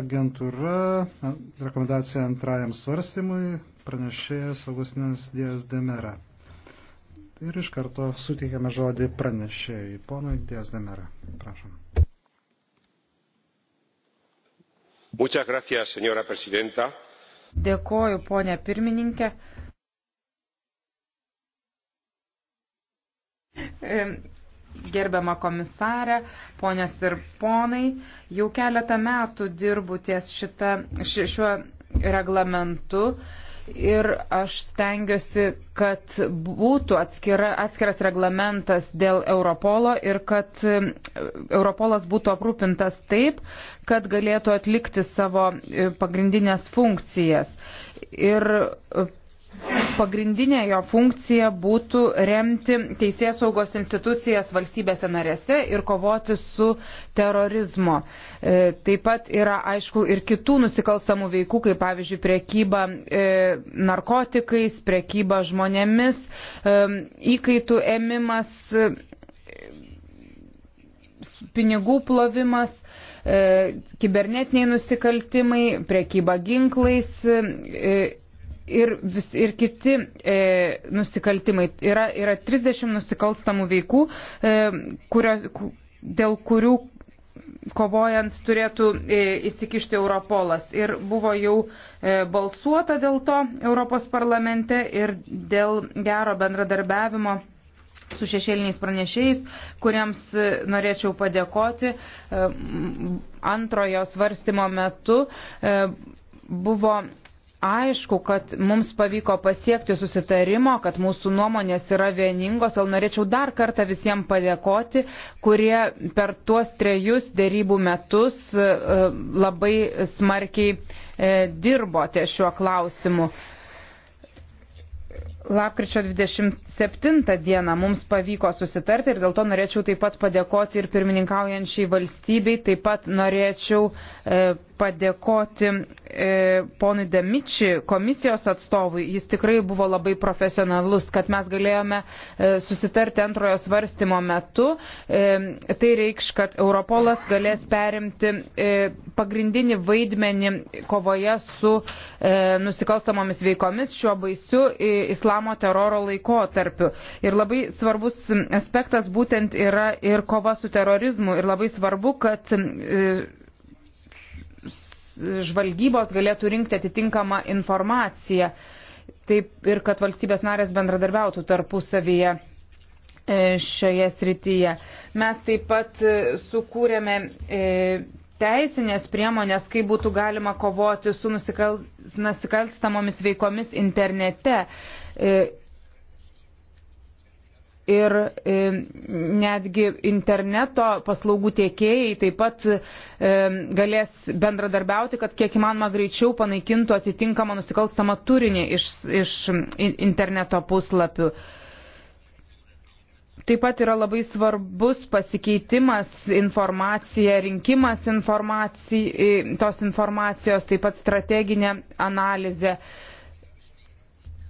agentūra, rekomendacija antrajam svarstymui, pranešėjas Augustinas Dijas Demera. Ir iš karto suteikiame žodį pranešėjai. Ponui Dijas Demera, prašom. Muchas gracias, señora presidenta. Dėkoju, ponė pirmininkė. E gerbiama komisarė, ponios ir ponai, jau keletą metų dirbu ties šita, ši, šiuo reglamentu ir aš stengiuosi, kad būtų atskira, atskiras reglamentas dėl Europolo ir kad um, Europolas būtų aprūpintas taip, kad galėtų atlikti savo e, pagrindinės funkcijas. Ir e, pagrindinė jo funkcija būtų remti teisės saugos institucijas valstybėse narėse ir kovoti su terorizmo. E, taip pat yra, aišku, ir kitų nusikalstamų veikų, kaip pavyzdžiui, priekyba e, narkotikais, priekyba žmonėmis, e, įkaitų ėmimas, pinigų plovimas kibernetiniai nusikaltimai, priekyba ginklais, ir, vis, ir kiti e, nusikaltimai. Yra, yra 30 nusikalstamų veikų, e, kurio, dėl kurių kovojant turėtų e, įsikišti Europolas. Ir buvo jau e, balsuota dėl to Europos parlamente ir dėl gero bendradarbiavimo su šešėliniais pranešėjais, kuriems e, norėčiau padėkoti e, antrojo svarstymo metu. E, buvo aišku, kad mums pavyko pasiekti susitarimo, kad mūsų nuomonės yra vieningos, o norėčiau dar kartą visiems padėkoti, kurie per tuos trejus dėrybų metus e, labai smarkiai e, dirbote šiuo klausimu. Lapkričio 20. 7 dieną mums pavyko susitarti ir dėl to norėčiau taip pat padėkoti ir pirmininkaujančiai valstybei, taip pat norėčiau e, padėkoti e, ponui Demiči, komisijos atstovui. Jis tikrai buvo labai profesionalus, kad mes galėjome e, susitarti antrojo svarstymo metu. E, tai reikš, kad Europolas galės perimti e, pagrindinį vaidmenį kovoje su e, nusikalstamomis veikomis šiuo baisiu e, islamo teroro laikotarpiu laikotarpiu. Ir labai svarbus aspektas būtent yra ir kova su terorizmu. Ir labai svarbu, kad e, žvalgybos galėtų rinkti atitinkamą informaciją. Taip ir kad valstybės narės bendradarbiautų tarpusavyje e, šioje srityje. Mes taip pat e, sukūrėme teisinės priemonės, kaip būtų galima kovoti su nusikal... nusikalstamomis veikomis internete ir e, netgi interneto paslaugų tiekėjai taip pat e, galės bendradarbiauti, kad kiek įmanoma greičiau panaikintų atitinkamą nusikalstamą turinį iš, iš interneto puslapių. Taip pat yra labai svarbus pasikeitimas informacija, rinkimas informacijai, tos informacijos, taip pat strateginė analizė.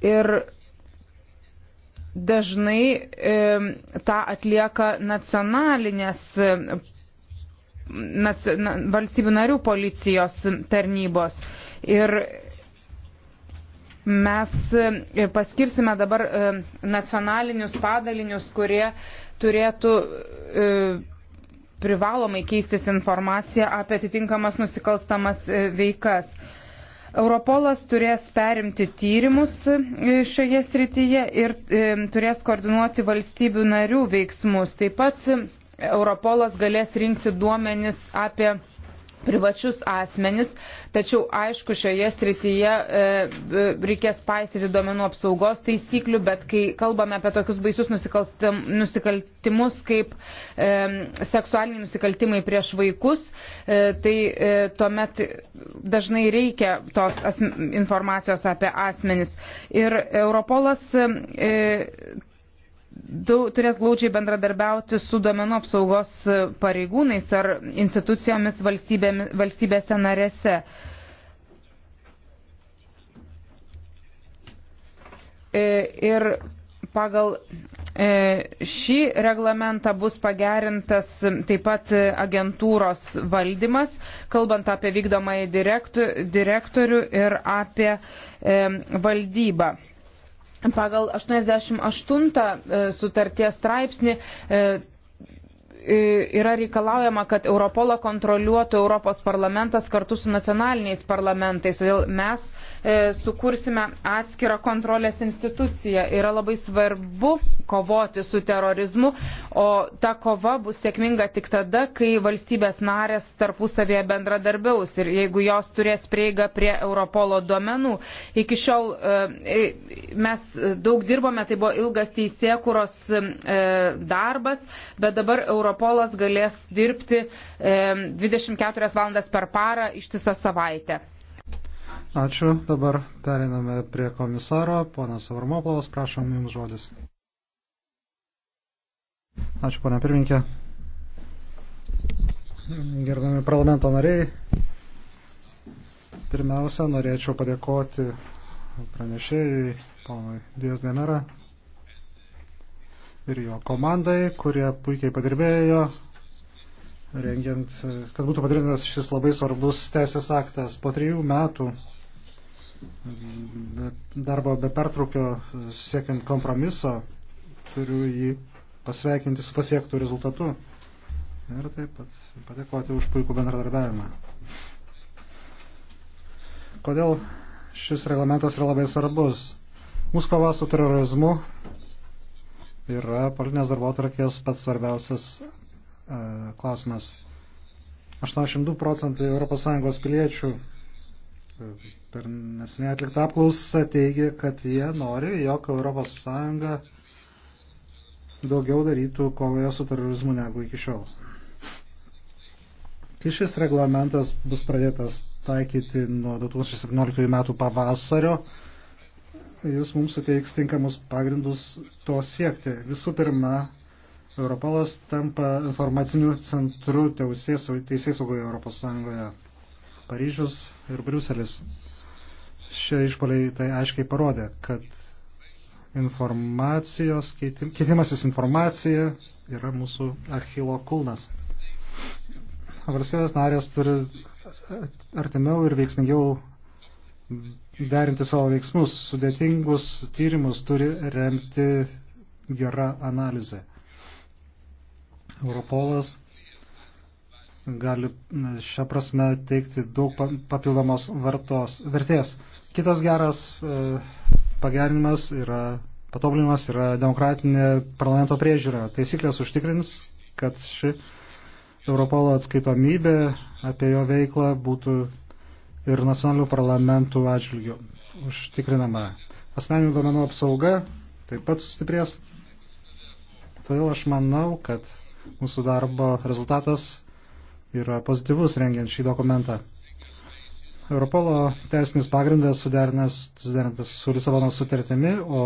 Ir dažnai e, tą atlieka nacionalinės nac, na, valstybių narių policijos tarnybos. Ir mes paskirsime dabar nacionalinius padalinius, kurie turėtų privalomai keistis informaciją apie atitinkamas nusikalstamas veikas. Europolas turės perimti tyrimus e, šioje srityje ir e, turės koordinuoti valstybių narių veiksmus. Taip pat Europolas galės rinkti duomenis apie privačius asmenis, tačiau aišku šioje srityje e, e, reikės paisyti duomenų apsaugos taisyklių, bet kai kalbame apie tokius baisius nusikaltimus kaip e, seksualiniai nusikaltimai prieš vaikus, e, tai e, tuomet dažnai reikia tos asme, informacijos apie asmenis. Ir Europolas e, daug, turės glaudžiai bendradarbiauti su domenų apsaugos pareigūnais ar institucijomis valstybė, valstybėse narėse. E, ir pagal e, šį reglamentą bus pagerintas taip pat agentūros valdymas, kalbant apie vykdomąjį direktorių ir apie e, valdybą pagal 88 e, sutarties straipsnį e, e, yra reikalaujama, kad Europolą kontroliuotų Europos parlamentas kartu su nacionaliniais parlamentais. Todėl mes E, sukursime atskirą kontrolės instituciją. Yra labai svarbu kovoti su terorizmu, o ta kova bus sėkminga tik tada, kai valstybės narės tarpusavėje bendradarbiaus ir jeigu jos turės prieigą prie Europolo duomenų. Iki šiol e, e, mes daug dirbome, tai buvo ilgas teisėkuros darbas, bet dabar Europolas galės dirbti 24 valandas per parą ištisą savaitę. Ačiū. Dabar periname prie komisaro. Ponas Varmoplovas, prašom Jums žodis. Ačiū, ponia pirminkė. Gerbiami parlamento nariai, pirmiausia, norėčiau padėkoti pranešėjai, ponui Dievas Demera ir jo komandai, kurie puikiai padirbėjo, rengiant, kad būtų padarytas šis labai svarbus teisės aktas. Po trijų metų darbo be pertraukio siekiant kompromiso, turiu jį pasveikinti su pasiektų rezultatu ir taip pat padėkoti už puikų bendradarbiavimą. Kodėl šis reglamentas yra labai svarbus? Mūsų kova su terorizmu yra politinės darbo atrakės pats svarbiausias e, klausimas. 82 procentai ES piliečių per nesinį atliktą apklausą teigia, kad jie nori, jog ES daugiau darytų kovoje su terorizmu negu iki šiol. Kai šis reglamentas bus pradėtas taikyti nuo 2017 metų pavasario, jis mums suteiks tinkamus pagrindus to siekti. Visų pirma, Europolas tampa informaciniu centru teisės saugoje Europos Sąjungoje. Paryžius ir Briuselis. Šie išpoliai tai aiškiai parodė, kad informacijos, keitim, keitimasis informacija yra mūsų Achilo kulnas. Valstybės narės turi artimiau ir veiksmingiau derinti savo veiksmus. Sudėtingus tyrimus turi remti gera analizė. Europolas gali šią prasme teikti daug papildomos vartos, vertės. Kitas geras e, pagerinimas yra, patoblinimas yra demokratinė parlamento priežiūra. Taisyklės užtikrins, kad ši Europolo atskaitomybė apie jo veiklą būtų ir nacionalinių parlamentų atžvilgių užtikrinama. Asmeninių duomenų apsauga taip pat sustiprės. Todėl aš manau, kad mūsų darbo rezultatas yra pozityvus rengiant šį dokumentą. Europolo teisinis pagrindas suderintas su Lisabono sutartimi, o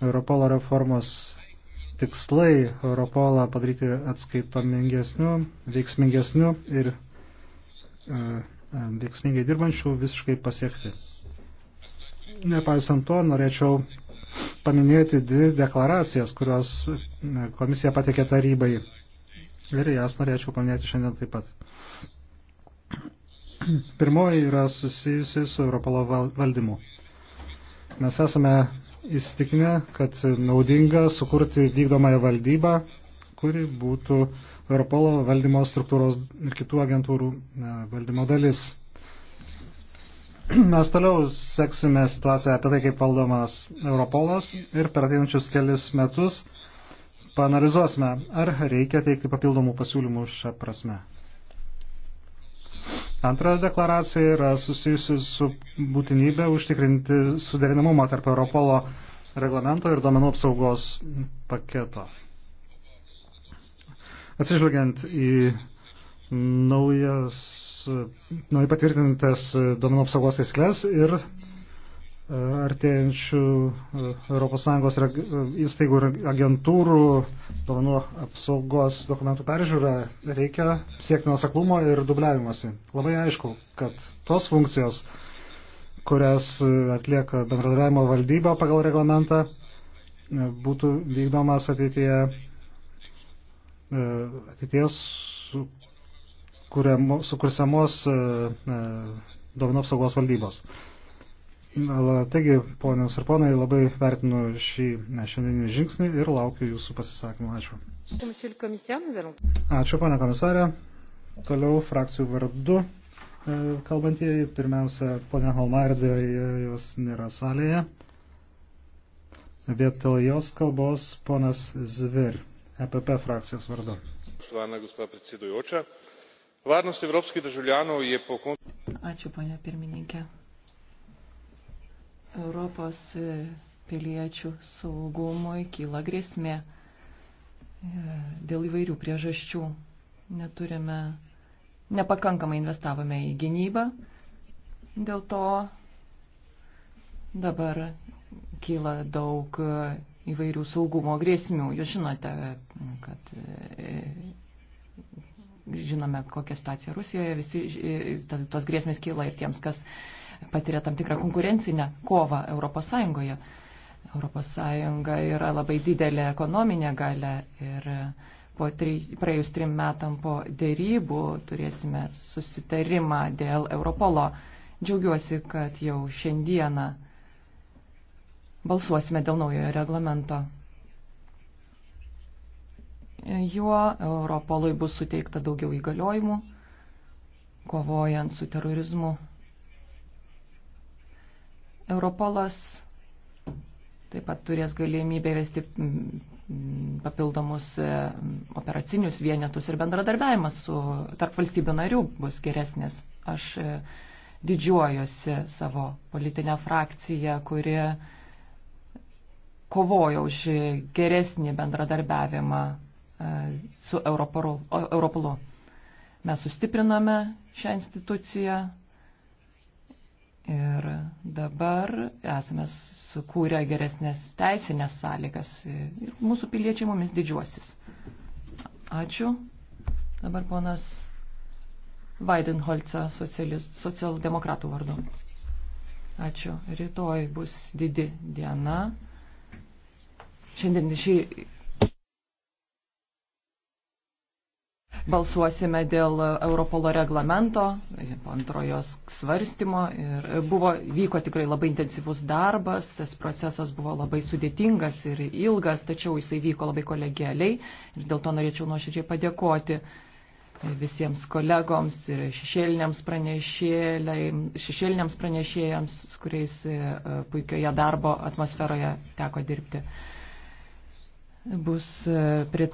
Europolo reformos tikslai Europolą padaryti atskaitomingesniu, veiksmingesniu ir e, e, veiksmingai dirbančių visiškai pasiekti. Nepaisant to, norėčiau paminėti dvi deklaracijas, kurios e, komisija patikė tarybai ir jas norėčiau paminėti šiandien taip pat. Pirmoji yra susijusi su Europolo valdymu. Mes esame įstikinę, kad naudinga sukurti vykdomąją valdybą, kuri būtų Europolo valdymo struktūros ir kitų agentūrų valdymo dalis. Mes toliau seksime situaciją apie tai, kaip valdomas Europolas ir per ateinančius kelius metus panalizuosime, ar reikia teikti papildomų pasiūlymų šią prasme. Antra deklaracija yra susijusi su būtinybė užtikrinti suderinamumą tarp Europolo reglamento ir domenų apsaugos paketo. Atsižvelgiant į naujas, naujai patvirtintas domenų apsaugos taisyklės ir artėjančių e, ES e, įstaigų ir agentūrų duomenų apsaugos dokumentų peržiūrą reikia siekti nuoseklumo ir dubliavimuose. Labai aišku, kad tos funkcijos, kurias e, atlieka bendradarbiavimo valdyba pagal reglamentą, būtų vykdomas ateityje, ateities sukursiamos duomenų apsaugos valdybos. Taigi, ponios ir ponai, labai vertinu šį šiandienį žingsnį ir laukiu jūsų pasisakymų. Ačiū. Ačiū, pana komisarė. Toliau frakcijų vardu e, kalbantieji. Pirmiausia, ponia Holmardė, jos nėra salėje. Vietel jos kalbos ponas Zvir, EPP frakcijos vardu. Ačiū, ponia pirmininkė. Europos piliečių saugumui kyla grėsmė e, dėl įvairių priežasčių. Neturime, nepakankamai investavome į gynybą, dėl to dabar kyla daug įvairių saugumo grėsmių. Jūs žinote, kad e, žinome, kokia situacija Rusijoje, visi e, tos grėsmės kyla ir tiems, kas patiria tam tikrą konkurencinę kovą Europos Sąjungoje. Europos Sąjunga yra labai didelė ekonominė gale ir po tri, praėjus trim metam po dėrybų turėsime susitarimą dėl Europolo. Džiaugiuosi, kad jau šiandieną balsuosime dėl naujojo reglamento. Juo Europolui bus suteikta daugiau įgaliojimų, kovojant su terorizmu Europolas taip pat turės galimybę vesti mm, mm, papildomus e, operacinius vienetus ir bendradarbiavimas su tarp valstybių narių bus geresnis. Aš e, didžiuojuosi savo politinę frakciją, kuri kovojo už geresnį bendradarbiavimą e, su Europolu. Mes sustiprinome šią instituciją, Ir dabar esame sukūrę geresnės teisinės sąlygas ir mūsų piliečiai mumis didžiuosis. Ačiū. Dabar ponas Vaidenholca socialdemokratų vardu. Ačiū. Rytoj bus didi diena. Šiandien šį Balsuosime dėl Europolo reglamento, antrojos svarstymo ir buvo, vyko tikrai labai intensyvus darbas, tas procesas buvo labai sudėtingas ir ilgas, tačiau jisai vyko labai kolegialiai ir dėl to norėčiau nuoširdžiai padėkoti visiems kolegoms ir šešėliniams, šešėliniams pranešėjams, su kuriais e, puikioje darbo atmosferoje teko dirbti bus e, prie,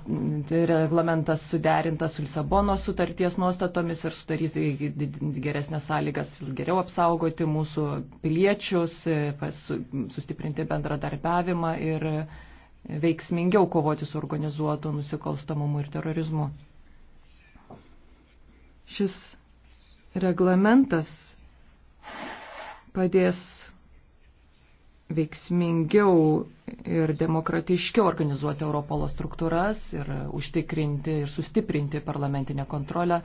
tai reglamentas suderintas su Lisabonos sutarties nuostatomis ir sudarys geresnės sąlygas geriau apsaugoti mūsų piliečius, e, sustiprinti bendradarbiavimą ir e, veiksmingiau kovoti su organizuotu nusikalstamumu ir terorizmu. Šis reglamentas padės veiksmingiau ir demokratiškiau organizuoti Europolo struktūras ir užtikrinti ir sustiprinti parlamentinę kontrolę.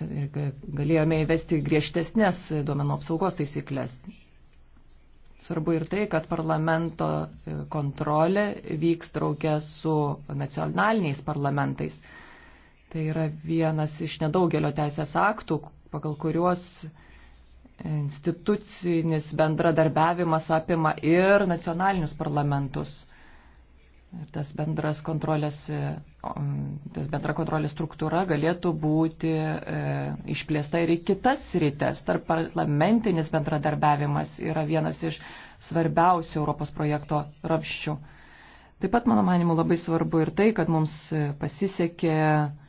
Ir galėjome įvesti griežtesnės duomenų apsaugos taisyklės. Svarbu ir tai, kad parlamento kontrolė vyks traukia su nacionaliniais parlamentais. Tai yra vienas iš nedaugelio teisės aktų, pagal kuriuos institucinis bendradarbiavimas apima ir nacionalinius parlamentus. Ir tas bendras kontrolės, um, tas bendra kontrolės struktūra galėtų būti e, išplėsta ir į kitas rytes. Tarp parlamentinis bendradarbiavimas yra vienas iš svarbiausių Europos projekto rapščių. Taip pat, mano manimu, labai svarbu ir tai, kad mums pasisekė e,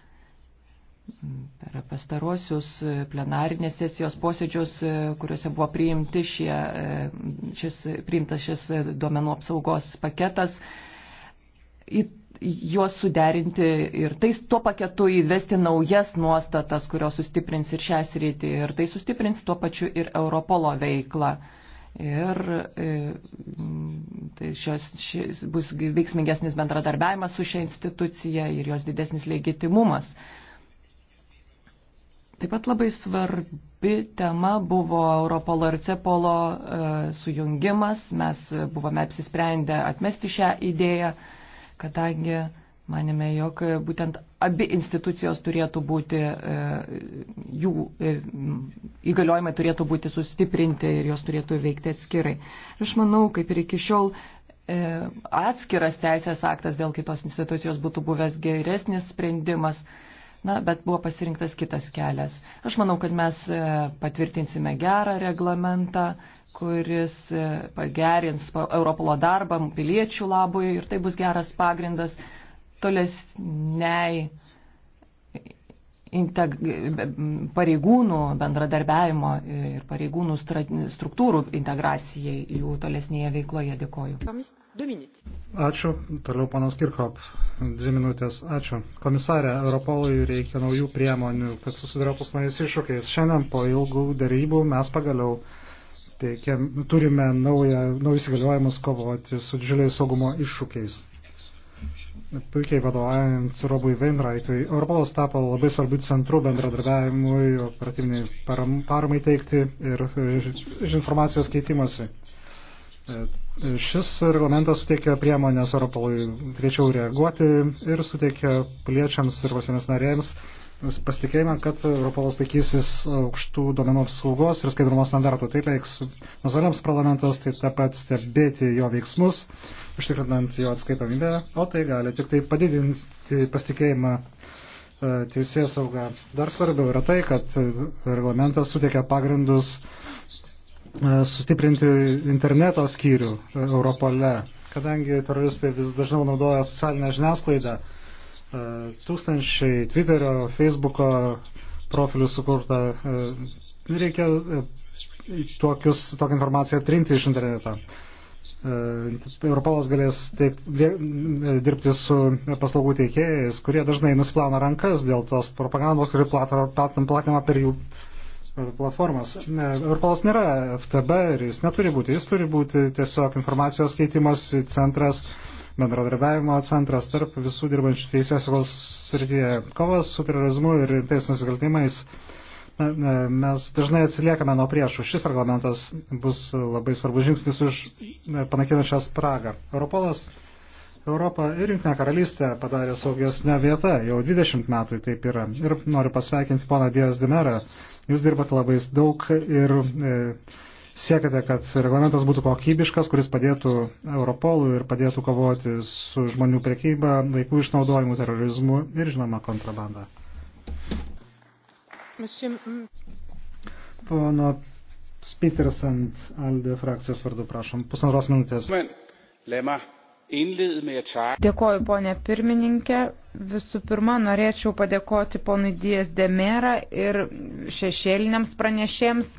per pastarosius plenarinės sesijos posėdžius, e, kuriuose buvo priimti šie, e, šis, priimtas šis duomenų apsaugos paketas, į juos suderinti ir tais tuo paketu įvesti naujas nuostatas, kurios sustiprins ir šią sritį, ir tai sustiprins tuo pačiu ir Europolo veiklą. Ir e, tai šios, šis, bus veiksmingesnis bendradarbiavimas su šia institucija ir jos didesnis legitimumas. Taip pat labai svarbi tema buvo Europolo ir Cepolo e, sujungimas. Mes buvome apsisprendę atmesti šią idėją, kadangi manėme, jog būtent abi institucijos turėtų būti, e, jų e, įgaliojimai turėtų būti sustiprinti ir jos turėtų veikti atskirai. Aš manau, kaip ir iki šiol, atskiras teisės aktas dėl kitos institucijos būtų buvęs geresnis sprendimas na, bet buvo pasirinktas kitas kelias. Aš manau, kad mes e, patvirtinsime gerą reglamentą, kuris e, pagerins Europolo darbą piliečių labui ir tai bus geras pagrindas tolesniai integ, pareigūnų bendradarbiavimo ir pareigūnų struktūrų integracijai jų tolesnėje veikloje. Dėkoju. Ačiū. Toliau panas Kirchhop. Dvi minutės. Ačiū. Komisarė, Europolui reikia naujų priemonių, kad susidurėtų su naujais iššūkiais. Šiandien po ilgų darybų mes pagaliau teikiam, turime naują, naujus įgaliojimus kovoti su didžiuliais saugumo iššūkiais puikiai vadovaujant Robui Veinraitui, Europolas tapo labai svarbių centrų bendradarbiavimui, operatyviniai param, paramai teikti ir e, iš informacijos keitimosi. E, šis reglamentas suteikia priemonės Europolui greičiau reaguoti ir suteikia piliečiams ir valstybės narėms pasitikėjimą, kad Europolas laikysis aukštų duomenų apsaugos ir skaidrumo standartų. Tai reiks nacionaliniams parlamentams taip, taip pat stebėti jo veiksmus, užtikrinant jo atskaitomybę, o tai gali tik tai padidinti pasitikėjimą e, teisės saugą. Dar svarbiau yra tai, kad e, reglamentas suteikia pagrindus e, sustiprinti interneto skyrių Europole, kadangi teroristai vis dažniau naudoja socialinę žiniasklaidą E, tūkstančiai Twitterio, Facebooko profilių sukurta. E, reikia e, tokius, tokią informaciją trinti iš interneto. Europolas galės teikt, dirbti su paslaugų teikėjais, kurie dažnai nusplauna rankas dėl tos propagandos, kuri platinama per jų platformas. Europolas nėra FTB ir jis neturi būti, jis turi būti tiesiog informacijos keitimas centras, uh, bendradarbiavimo centras tarp visų dirbančių teisėsaugos srityje. Kovas su terorizmu ir rimtais nusikaltimais mes dažnai atsiliekame nuo priešų. Šis reglamentas bus labai svarbus žingsnis už panaikinančią spragą. Europolas Europą ir Junktinę karalystę padarė saugesnę vietą. Jau 20 metų taip yra. Ir noriu pasveikinti poną Dievas Dimerą. Jūs dirbate labai daug ir e, siekite, kad reglamentas būtų kokybiškas, kuris padėtų Europolui ir padėtų kovoti su žmonių priekyba, vaikų išnaudojimu, terorizmu ir, žinoma, kontrabanda. Pono Spiters ant Alde frakcijos vardu, prašom, pusantros minutės. Dėkoju, ponė pirmininkė. Visų pirma, norėčiau padėkoti ponui Dijas Demera ir šešėliniams pranešėjams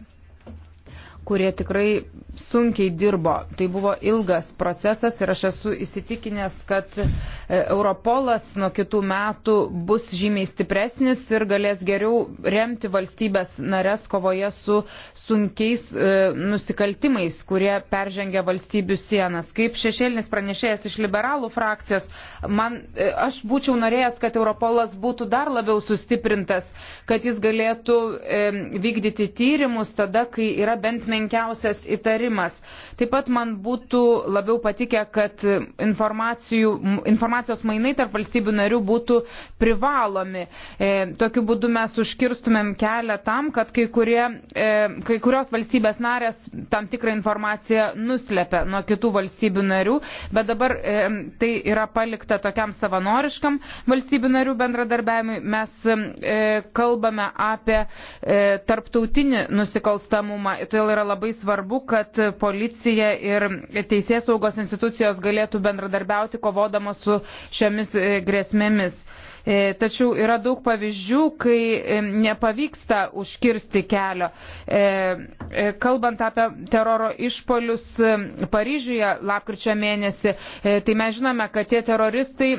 kurie tikrai sunkiai dirbo. Tai buvo ilgas procesas ir aš esu įsitikinęs, kad e, Europolas nuo kitų metų bus žymiai stipresnis ir galės geriau remti valstybės nares kovoje su sunkiais e, nusikaltimais, kurie peržengia valstybių sienas. Kaip šešėlinis pranešėjas iš liberalų frakcijos, man, e, aš būčiau norėjęs, kad Europolas būtų dar labiau sustiprintas, kad jis galėtų e, vykdyti tyrimus tada, kai yra bent menkiausias įtarimas susitarimas. Taip pat man būtų labiau patikę, kad informacijos mainai tarp valstybių narių būtų privalomi. E, tokiu būdu mes užkirstumėm kelią tam, kad kai, kurie, e, kai kurios valstybės narės tam tikrą informaciją nuslepia nuo kitų valstybių narių, bet dabar e, tai yra palikta tokiam savanoriškam valstybių narių bendradarbiavimui. Mes e, kalbame apie e, tarptautinį nusikalstamumą. Todėl yra labai svarbu, kad kad policija ir teisės saugos institucijos galėtų bendradarbiauti kovodama su šiomis e, grėsmėmis. E, tačiau yra daug pavyzdžių, kai e, nepavyksta užkirsti kelio. Kalbant apie teroro išpolius Paryžiuje lapkričio mėnesį, tai mes žinome, kad tie teroristai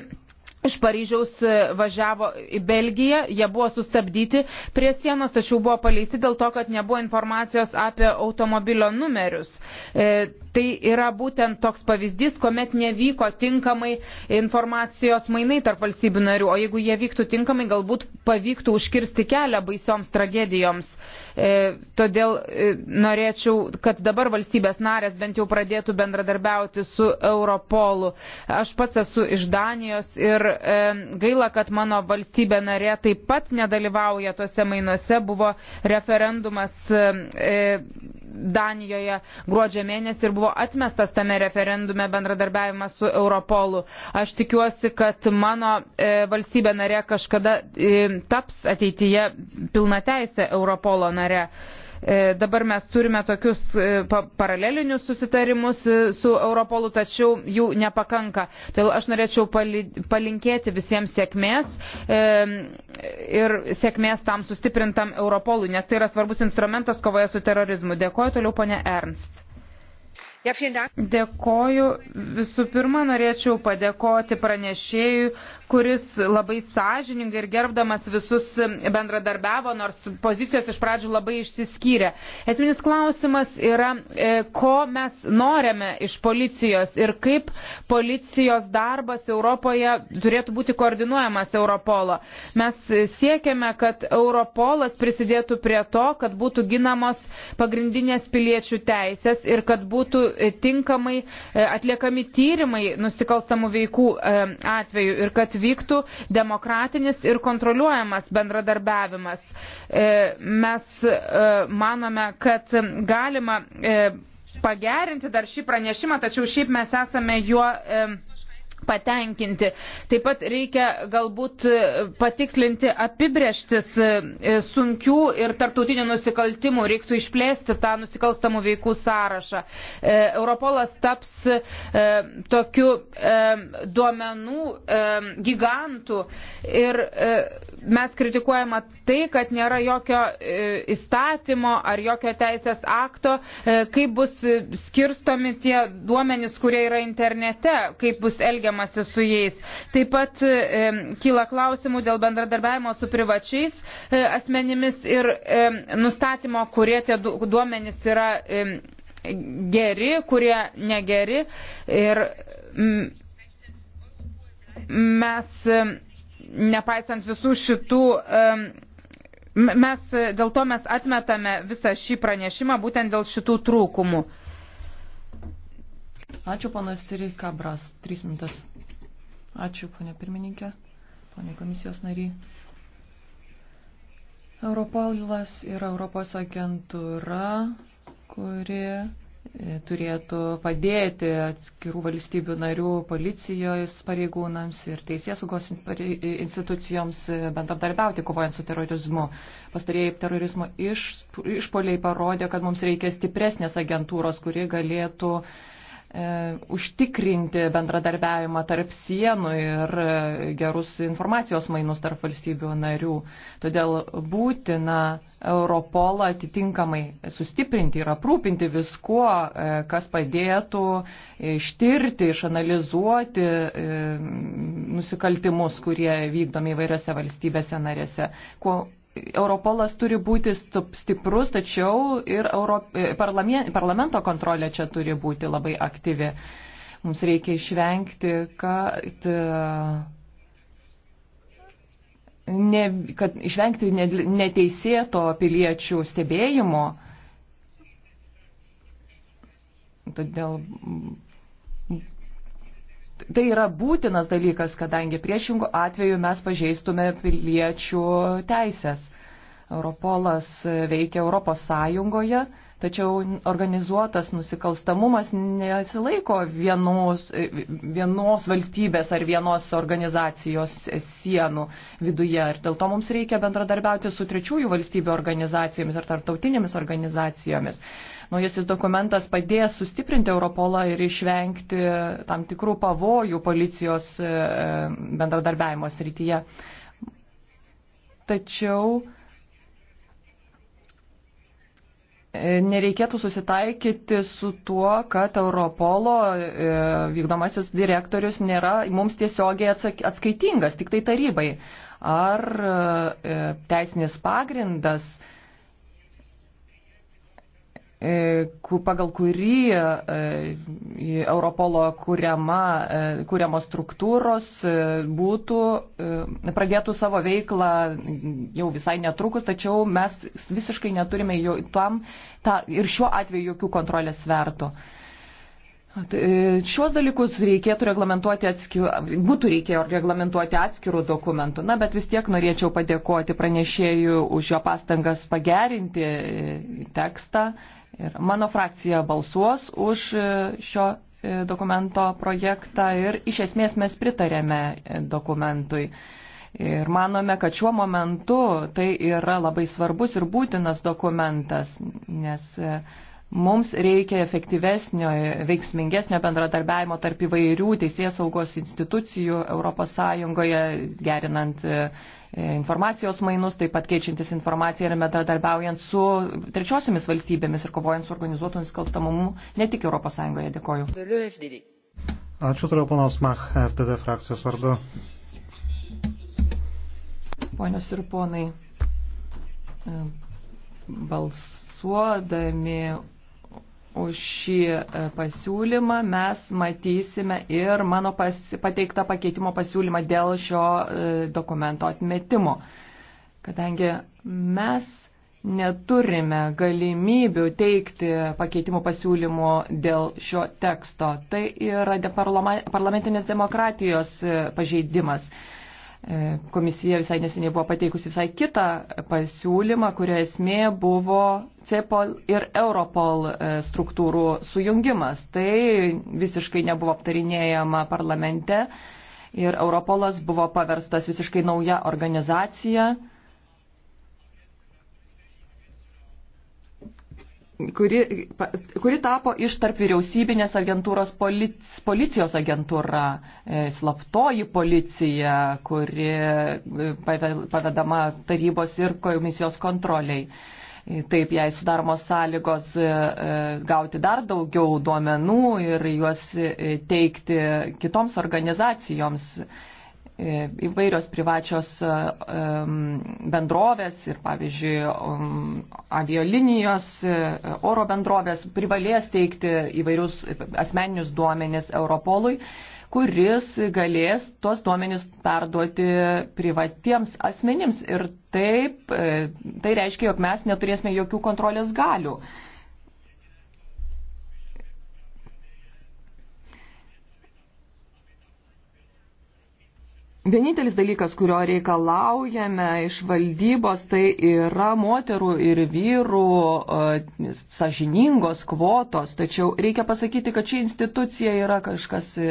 iš Paryžiaus e, važiavo į Belgiją, jie buvo sustabdyti prie sienos, tačiau buvo paleisti dėl to, kad nebuvo informacijos apie automobilio numerius. E, tai yra būtent toks pavyzdys, kuomet nevyko tinkamai informacijos mainai tarp valstybių narių, o jeigu jie vyktų tinkamai, galbūt pavyktų užkirsti kelią baisioms tragedijoms. E, todėl e, norėčiau, kad dabar valstybės narės bent jau pradėtų bendradarbiauti su Europolu. Aš pats esu iš Danijos ir e, gaila, kad mano valstybė narė taip pat nedalyvauja tose mainuose. Buvo referendumas e, e, Danijoje gruodžio mėnesį ir buvo atmestas tame referendume bendradarbiavimas su Europolu. Aš tikiuosi, kad mano e, valstybė narė kažkada e, taps ateityje pilna teisė Europolo narė. E, E, dabar mes turime tokius e, paralelinius susitarimus e, su Europolu, tačiau jų nepakanka. Todėl aš norėčiau palinkėti visiems sėkmės ir sėkmės tam sustiprintam Europolui, nes tai yra svarbus instrumentas kovoje su terorizmu. Dėkuoju toliau, ponė Ernst. Dėkoju. Visų pirma, norėčiau padėkoti pranešėjui, kuris labai sąžiningai ir gerbdamas visus bendradarbiavo, nors pozicijos iš pradžių labai išsiskyrė. Esminis klausimas yra, e, ko mes norime iš policijos ir kaip policijos darbas Europoje turėtų būti koordinuojamas Europolo. Mes siekiame, kad Europolas prisidėtų prie to, kad būtų ginamos pagrindinės piliečių teisės ir kad būtų E, tinkamai e, atliekami tyrimai nusikalstamų veikų e, atveju ir kad vyktų demokratinis ir kontroliuojamas bendradarbiavimas. Mes manome, kad galima pagerinti dar šį pranešimą, tačiau šiaip mes esame juo. E, patenkinti. Taip pat reikia galbūt patikslinti apibrieštis e, sunkių ir tarptautinių nusikaltimų. Reiktų išplėsti tą nusikalstamų veikų sąrašą. E, Europolas taps e, tokiu duomenų gigantų ir mes kritikuojama tai, kad nėra jokio įstatymo ar jokio teisės akto, kaip bus skirstomi tie duomenys, kurie yra internete, kaip bus elgiama elgiamasi su jais. Taip pat e, kyla klausimų dėl bendradarbiavimo su privačiais e, asmenimis ir e, nustatymo, kurie tie duomenys yra e, geri, kurie negeri. Ir m, mes, e, nepaisant visų šitų. E, Mes dėl to mes atmetame visą šį pranešimą būtent dėl šitų trūkumų. Ačiū, panas Tiri Kabras. Trys mintas. Ačiū, ponė pirmininkė, ponė komisijos nary. Europolas yra Europos agentūra, kuri e, turėtų padėti atskirų valstybių narių policijos pareigūnams ir teisėsaugos institucijoms e, bendradarbiauti kovojant su terorizmu. Pastarėjai terorizmo iš, išpoliai parodė, kad mums reikia stipresnės agentūros, kuri galėtų uh, E, užtikrinti bendradarbiavimą tarp sienų ir e, gerus informacijos mainus tarp valstybių narių. Todėl būtina Europolą atitinkamai sustiprinti ir aprūpinti viskuo, e, kas padėtų ištirti, išanalizuoti nusikaltimus, kurie vykdomi įvairiose valstybėse narėse. Kuo Europolas turi būti stiprus, tačiau ir Europ... E, parlamento kontrolė čia turi būti labai aktyvi. Mums reikia išvengti, kad, e, ne, kad išvengti neteisėto piliečių stebėjimo. Todėl Tai yra būtinas dalykas, kadangi priešingų atveju mes pažeistume piliečių teisės. Europolas veikia Europos Sąjungoje, tačiau organizuotas nusikalstamumas nesilaiko vienos, vienos valstybės ar vienos organizacijos sienų viduje. Ir dėl to mums reikia bendradarbiauti su trečiųjų valstybių organizacijomis ar tarptautinėmis organizacijomis naujasis dokumentas padės sustiprinti Europolą ir išvengti tam tikrų pavojų policijos e, bendradarbiavimo srityje. Tačiau e, nereikėtų susitaikyti su tuo, kad Europolo e, vykdomasis direktorius nėra mums tiesiogiai atskaitingas, tik tai tarybai. Ar teisinis pagrindas E, pagal kurį e, Europolo kuriama, e, kuriamos struktūros būtų, pradėtų savo veiklą jau visai netrukus, tačiau mes visiškai neturime jo, tam ta, ir šiuo atveju jokių kontrolės svertų. Tai, e, Šios dalykus reikėtų reglamentuoti atskirų, būtų reikėjo reglamentuoti atskirų dokumentų, na, bet vis tiek norėčiau padėkoti pranešėjų už jo pastangas pagerinti e, tekstą. Ir mano frakcija balsuos už e, šio dokumento projektą ir iš esmės mes pritarėme dokumentui. Ir manome, kad šiuo momentu tai yra labai svarbus ir būtinas dokumentas, nes Mums reikia efektyvesnio, veiksmingesnio bendradarbiavimo tarp įvairių teisės saugos institucijų ES, gerinant e, informacijos mainus, taip pat keičiantis informaciją ir bendradarbiaujant su trečiosiomis valstybėmis ir kovojant su organizuotų nusikalstamumu ne tik ES. Dėkoju. Ačiū toliau, ponas Mach, FDD frakcijos vardu. Ponios ir ponai, e, balsuodami už šį e, pasiūlymą. Mes matysime ir mano pas, pateiktą pakeitimo pasiūlymą dėl šio e, dokumento atmetimo. Kadangi mes neturime galimybių teikti pakeitimų pasiūlymų dėl šio teksto, tai yra de parlamentinės demokratijos e, pažeidimas. E, komisija visai neseniai buvo pateikusi visai kitą pasiūlymą, kurio esmė buvo CEPOL ir Europol e, struktūrų sujungimas. Tai visiškai nebuvo aptarinėjama parlamente ir Europolas buvo paverstas visiškai nauja organizacija kuri, kuri tapo iš tarp vyriausybinės agentūros polic, policijos agentūra, e, slaptoji policija, kuri e, pavedama tarybos ir komisijos kontroliai. E, taip jai sudaromos sąlygos gauti dar daugiau duomenų ir juos teikti kitoms organizacijoms E, įvairios privačios e, bendrovės ir, pavyzdžiui, aviolinijos, e, oro bendrovės privalės teikti įvairius asmeninius duomenis Europolui, kuris galės tuos duomenis perduoti privatiems asmenims. Ir taip, tai reiškia, jog mes neturėsime jokių kontrolės galių. Vienintelis dalykas, kurio reikalaujame iš valdybos, tai yra moterų ir vyrų sažiningos kvotos. Tačiau reikia pasakyti, kad ši institucija yra kažkas e,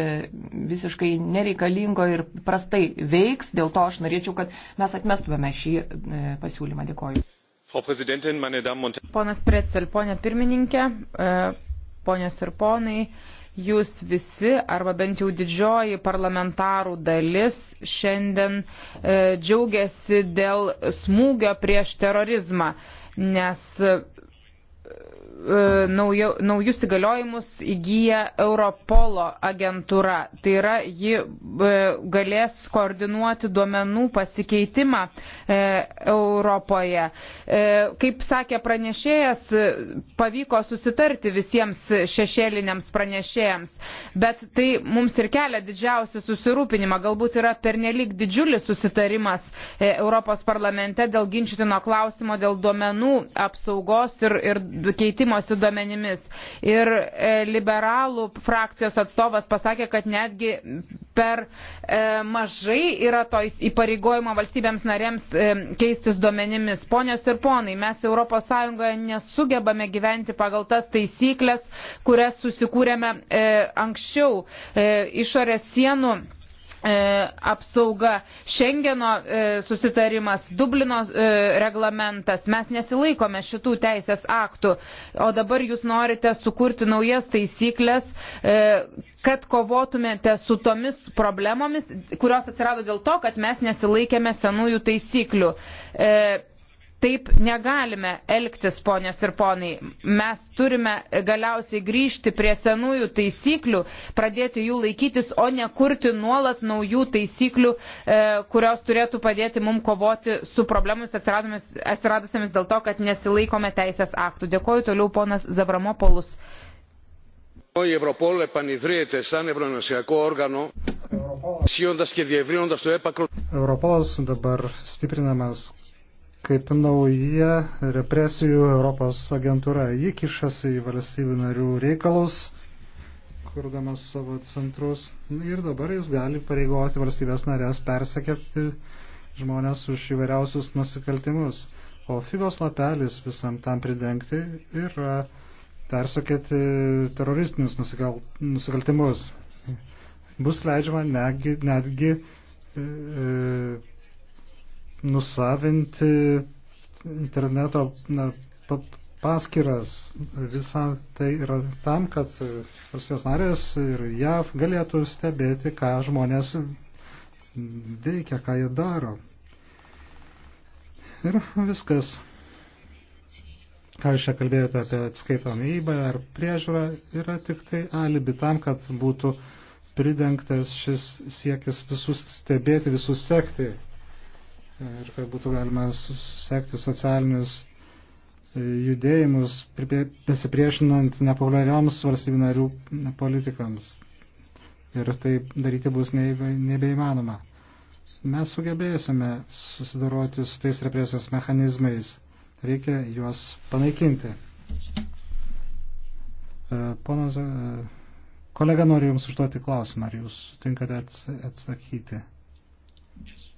visiškai nereikalingo ir prastai veiks. Dėl to aš norėčiau, kad mes atmestumėme šį e, pasiūlymą. Dėkoju. Ponas Pretzel, ponė pirmininkė, e, ponios ir ponai jūs visi, arba bent jau didžioji parlamentarų dalis, šiandien e, džiaugiasi dėl smūgio prieš terorizmą, nes E, naujo, naujus įgaliojimus įgyja Europolo agentūra. Tai yra, ji e, galės koordinuoti duomenų pasikeitimą e, Europoje. Kaip sakė pranešėjas, pavyko susitarti visiems šešėliniams pranešėjams, bet tai mums ir kelia didžiausią susirūpinimą. Galbūt yra pernelik didžiulis susitarimas Europos parlamente dėl ginčitino klausimo, dėl duomenų apsaugos ir, ir keitimo keitimosi duomenimis. Ir e, liberalų frakcijos atstovas pasakė, kad netgi per e, mažai yra to įpareigojimo valstybėms narėms e, keistis duomenimis. Ponios ir ponai, mes ES nesugebame gyventi pagal tas taisyklės, kurias susikūrėme anksčiau. Išorės sienų E, apsauga, Šengeno e, susitarimas, Dublino e, reglamentas. Mes nesilaikome šitų teisės aktų, o dabar jūs norite sukurti naujas taisyklės, kad kovotumėte su tomis problemomis, kurios atsirado dėl to, kad mes nesilaikėme senųjų taisyklių. Taip negalime elgtis, ponios ir ponai. Mes turime galiausiai grįžti prie senųjų taisyklių, pradėti jų laikytis, o ne kurti nuolat naujų taisyklių, e, kurios turėtų padėti mums kovoti su problemus atsiradusiamis dėl to, kad nesilaikome teisės aktų. Dėkoju toliau ponas Zavramopolus. Europol επανειδρύεται σαν ευρωενωσιακό όργανο, σιώντα και διευρύνοντα το έπακρο. Europolas dabar stiprinamas kaip nauja represijų Europos agentūra. Ji kišasi į valstybių narių reikalus, kurdamas savo centrus. Ir dabar jis gali pareigoti valstybės narės persekėti žmonės už įvairiausius nusikaltimus. O figos lapelis visam tam pridengti yra persokėti teroristinius nusikal, nusikaltimus. Bus leidžiama netgi, netgi e, e nusavinti interneto na, paskyras. Visą tai yra tam, kad Rusijos narės ir JAV galėtų stebėti, ką žmonės veikia, ką jie daro. Ir viskas. Ką jūs čia kalbėjote apie atskaitomybę ar priežiūrą, yra tik tai alibi tam, kad būtų pridengtas šis siekis visus stebėti, visus sekti ir kad būtų galima susekti socialinius e, judėjimus besipriešinant nepopuliarioms valstybių narių politikams. Ir tai daryti bus nebeįmanoma. Mes sugebėsime susidoroti su tais represijos mechanizmais. Reikia juos panaikinti. E, ponas, e, kolega nori Jums užduoti klausimą, ar Jūs sutinkate atsakyti? Yes.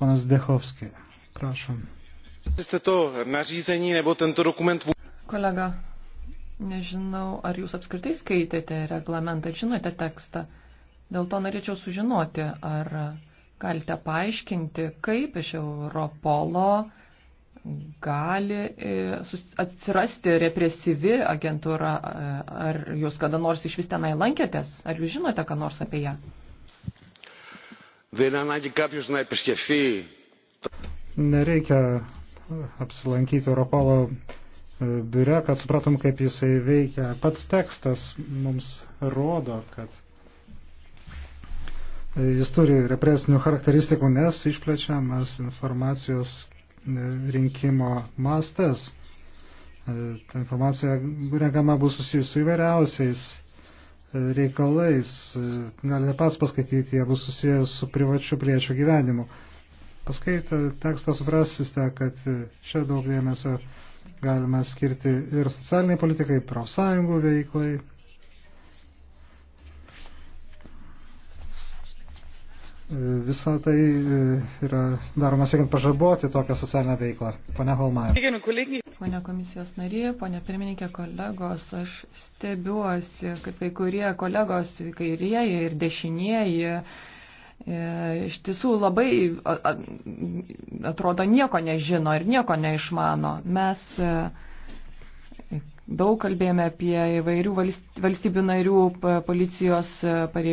Panas Dechovski, prašom. Kolega, nežinau, ar jūs apskritai skaitėte reglamentą, žinote tekstą. Dėl to norėčiau sužinoti, ar galite paaiškinti, kaip iš Europolo gali e, atsirasti represyvi agentūra, e, ar jūs kada nors iš vis tenai lankėtės, ar jūs žinote, ką nors apie ją? Δεν ανάγκη κάποιος να επισκεφθεί. Nereikia apsilankyti Europolo e, biure, kad supratom, kaip jisai veikia. Pats tekstas mums rodo, kad e, jis turi represinių charakteristikų, nes išplečiamas informacijos e, rinkimo mastas. Ta informacija renkama bus susijusi su įvairiausiais reikalais. E, Galite pats paskaityti, jie bus susijęs su privačiu priečio gyvenimu. Paskaitę tekstą suprasite, kad e, čia daug dėmesio galima skirti ir socialiniai politikai, profsąjungų veiklai, Visą tai e, yra daroma siekiant pažaboti tokią socialinę veiklą. Pone Holmaja. Pone komisijos narė, pone pirmininkė, kolegos, aš stebiuosi, kad kai kurie kolegos kairieji ir dešinieji e, iš tiesų labai atrodo nieko nežino ir nieko neišmano. Mes e, Daug kalbėjome apie įvairių valstybių narių policijos e, e,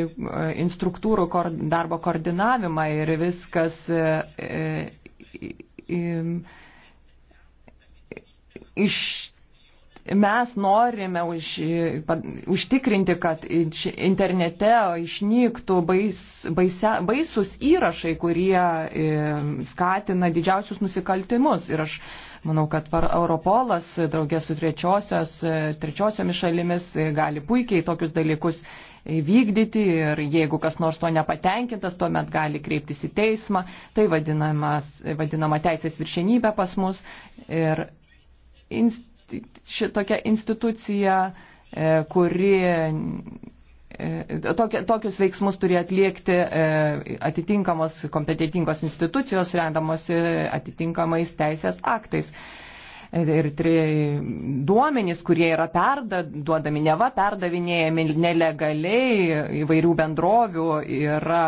instruktūrų darbo koordinavimą ir viskas e, iš mes norime už, užtikrinti, kad internete išnyktų bais, baise, baisus įrašai, kurie skatina didžiausius nusikaltimus. Ir aš Manau, kad Europolas draugės su e, trečiosiomis šalimis e, gali puikiai tokius dalykus vykdyti ir jeigu kas nors to nepatenkintas, tuomet gali kreiptis į teismą. Tai vadinama teisės viršenybė pas mus. Ir inst, šitokia institucija, e, kuri E, tokius veiksmus turi atliekti e, atitinkamos kompetitingos institucijos, rendamosi atitinkamais teisės aktais e, ir tri, duomenys, kurie yra perduodami, neva perdavinėjami nelegaliai įvairių bendrovių, yra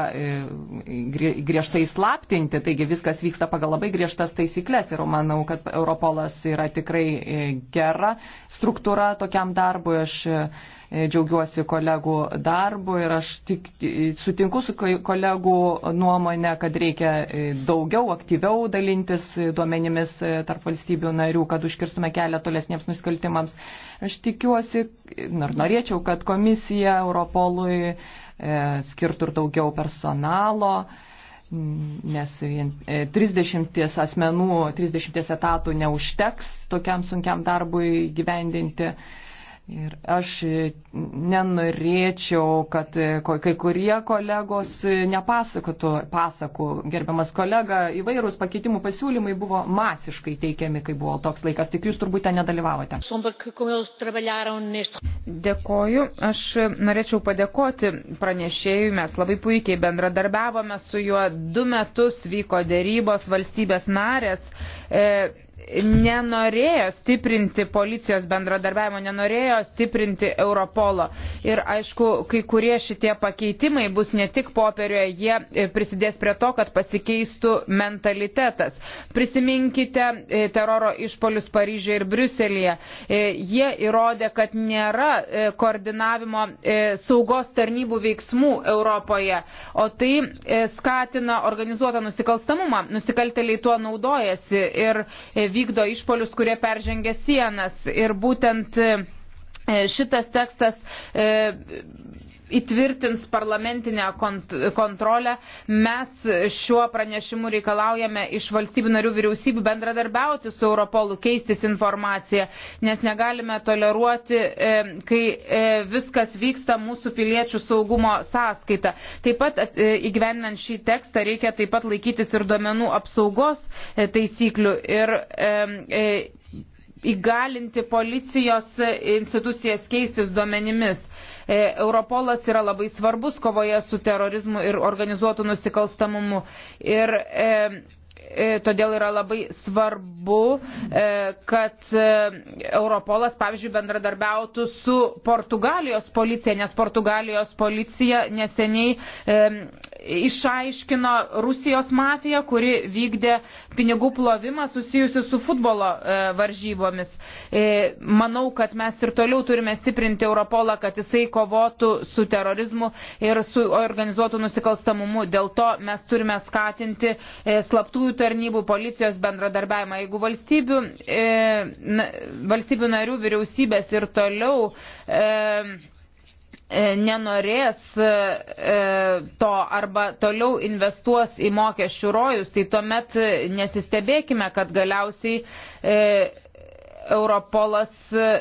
griežtai slaptinti, taigi viskas vyksta pagal labai griežtas taisyklės ir manau, kad Europolas yra tikrai gera struktūra tokiam darbui. Aš E, džiaugiuosi kolegų darbu ir aš tik, e, sutinku su kolegų nuomonė, kad reikia e, daugiau, aktyviau dalintis duomenimis tarp valstybių narių, kad užkirstume kelią tolesniems nusikaltimams. Aš tikiuosi, nor norėčiau, kad komisija Europolui skirtų ir daugiau personalo nes 30 asmenų, 30 etatų neužteks tokiam sunkiam darbui gyvendinti. Ir aš e, nenorėčiau, kad e, kai kurie kolegos e, nepasakotų pasakų. Gerbiamas kolega, įvairūs pakeitimų pasiūlymai buvo masiškai teikiami, kai buvo toks laikas, tik jūs turbūt ten nedalyvavote. Dėkoju. Aš norėčiau padėkoti pranešėjui. Mes labai puikiai bendradarbiavome su juo. Du metus vyko dėrybos valstybės narės. E, nenorėjo stiprinti policijos bendradarbiavimo, nenorėjo stiprinti Europolo. Ir aišku, kai kurie šitie pakeitimai bus ne tik popieriuje, jie e, prisidės prie to, kad pasikeistų mentalitetas. Prisiminkite e, teroro išpolius Paryžiuje ir Briuselėje. E, jie įrodė, kad nėra koordinavimo saugos tarnybų veiksmų Europoje, o tai skatina organizuotą nusikalstamumą. Nusikalteliai tuo naudojasi. Ir vykdo išpolius, kurie peržengia sienas. Ir būtent e, šitas tekstas e, įtvirtins parlamentinę kont kontrolę. Mes šiuo pranešimu reikalaujame iš valstybių narių vyriausybių bendradarbiauti su Europolu, keistis informaciją, nes negalime toleruoti, e, kai e, viskas vyksta mūsų piliečių saugumo sąskaita. Taip pat e, įgyveninant šį tekstą reikia taip pat laikytis ir duomenų apsaugos e, taisyklių. Ir, e, e, įgalinti policijos institucijas keistis duomenimis. E, Europolas yra labai svarbus kovoje su terorizmu ir organizuotų nusikalstamumu. Ir e, E, todėl yra labai svarbu, e, kad e, Europolas, pavyzdžiui, bendradarbiautų su Portugalijos policija, nes Portugalijos policija neseniai išaiškino Rusijos mafiją, kuri vykdė pinigų plovimą susijusiu su futbolo varžybomis. Manau, kad mes ir toliau turime stiprinti Europolą, kad jisai kovotų su terorizmu ir su organizuotų nusikalstamumu. Dėl to mes turime skatinti slaptų slaptųjų tarnybų, policijos bendradarbiavimą. Jeigu valstybių, e, na, valstybių narių vyriausybės ir toliau e, e nenorės e, to arba toliau investuos į mokesčių rojus, tai tuomet nesistebėkime, kad galiausiai e, Europolas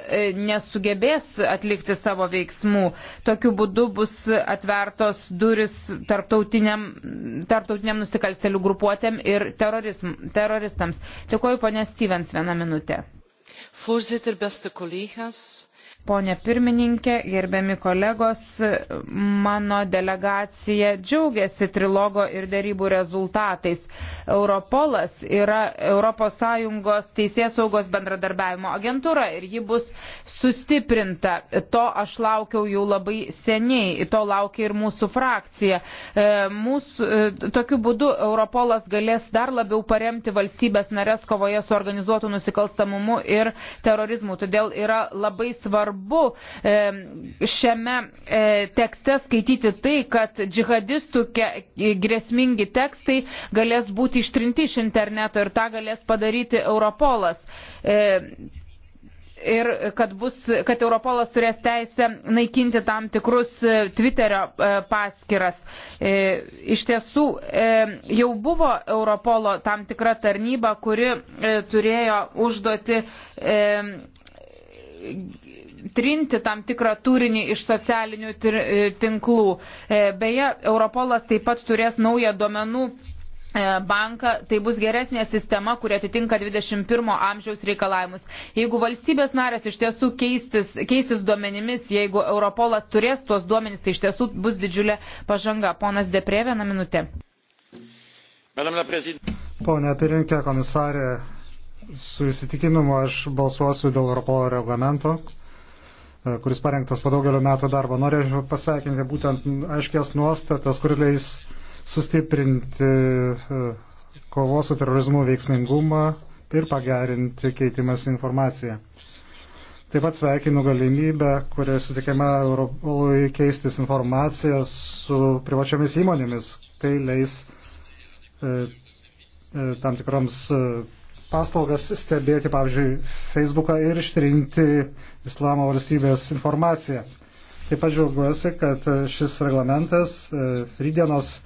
e, nesugebės atlikti savo veiksmų. Tokiu būdu bus atvertos duris tarptautiniam, tarptautiniam nusikalstelių grupuotėm ir teroristams. Dėkuoju, ponė Stevens, vieną minutę. Voorzitter, beste collega's. Pone pirmininkė, gerbiami kolegos, mano delegacija džiaugiasi trilogo ir dėrybų rezultatais. Europolas yra ES teisės saugos bendradarbiavimo agentūra ir ji bus sustiprinta. To aš laukiau jau labai seniai, to laukia ir mūsų frakcija. E, mūsų, e, tokiu būdu Europolas galės dar labiau paremti valstybės narės kovoje su organizuotu nusikalstamumu ir terorizmu. Todėl yra labai svarbu svarbu šiame e, tekste skaityti tai, kad džihadistų e, grėsmingi tekstai galės būti ištrinti iš interneto ir tą galės padaryti Europolas e, ir kad, bus, kad Europolas turės teisę naikinti tam tikrus Twitterio paskiras. Iš tiesų, jau buvo Europolo tam tikra tarnyba, kuri turėjo užduoti trinti tam tikrą turinį iš socialinių e, tinklų. E, beje, Europolas taip pat turės naują duomenų e, banką, tai bus geresnė sistema, kuri atitinka 21 amžiaus reikalavimus. Jeigu valstybės narės iš tiesų keistis, keisis duomenimis, jeigu Europolas turės tuos duomenis, tai iš tiesų bus didžiulė pažanga. Ponas Deprė, vieną minutę. Pone pirinkė komisarė, su įsitikinimu aš balsuosiu dėl Europolo reglamento, E, kuris parengtas po daugelio metų darbo. Norėčiau pasveikinti būtent aiškės nuostatas, kur leis sustiprinti e, kovos su terorizmu veiksmingumą ir pagerinti keitimas informaciją. Taip pat sveikinu galimybę, kuria sutikiama Europolui keistis informaciją su privačiomis įmonėmis. Tai leis e, e, tam tikroms e, paslaugas stebėti, pavyzdžiui, Facebooką ir ištrinti Islamo valstybės informaciją. Taip pat džiaugiuosi, kad šis reglamentas e, rydienos e,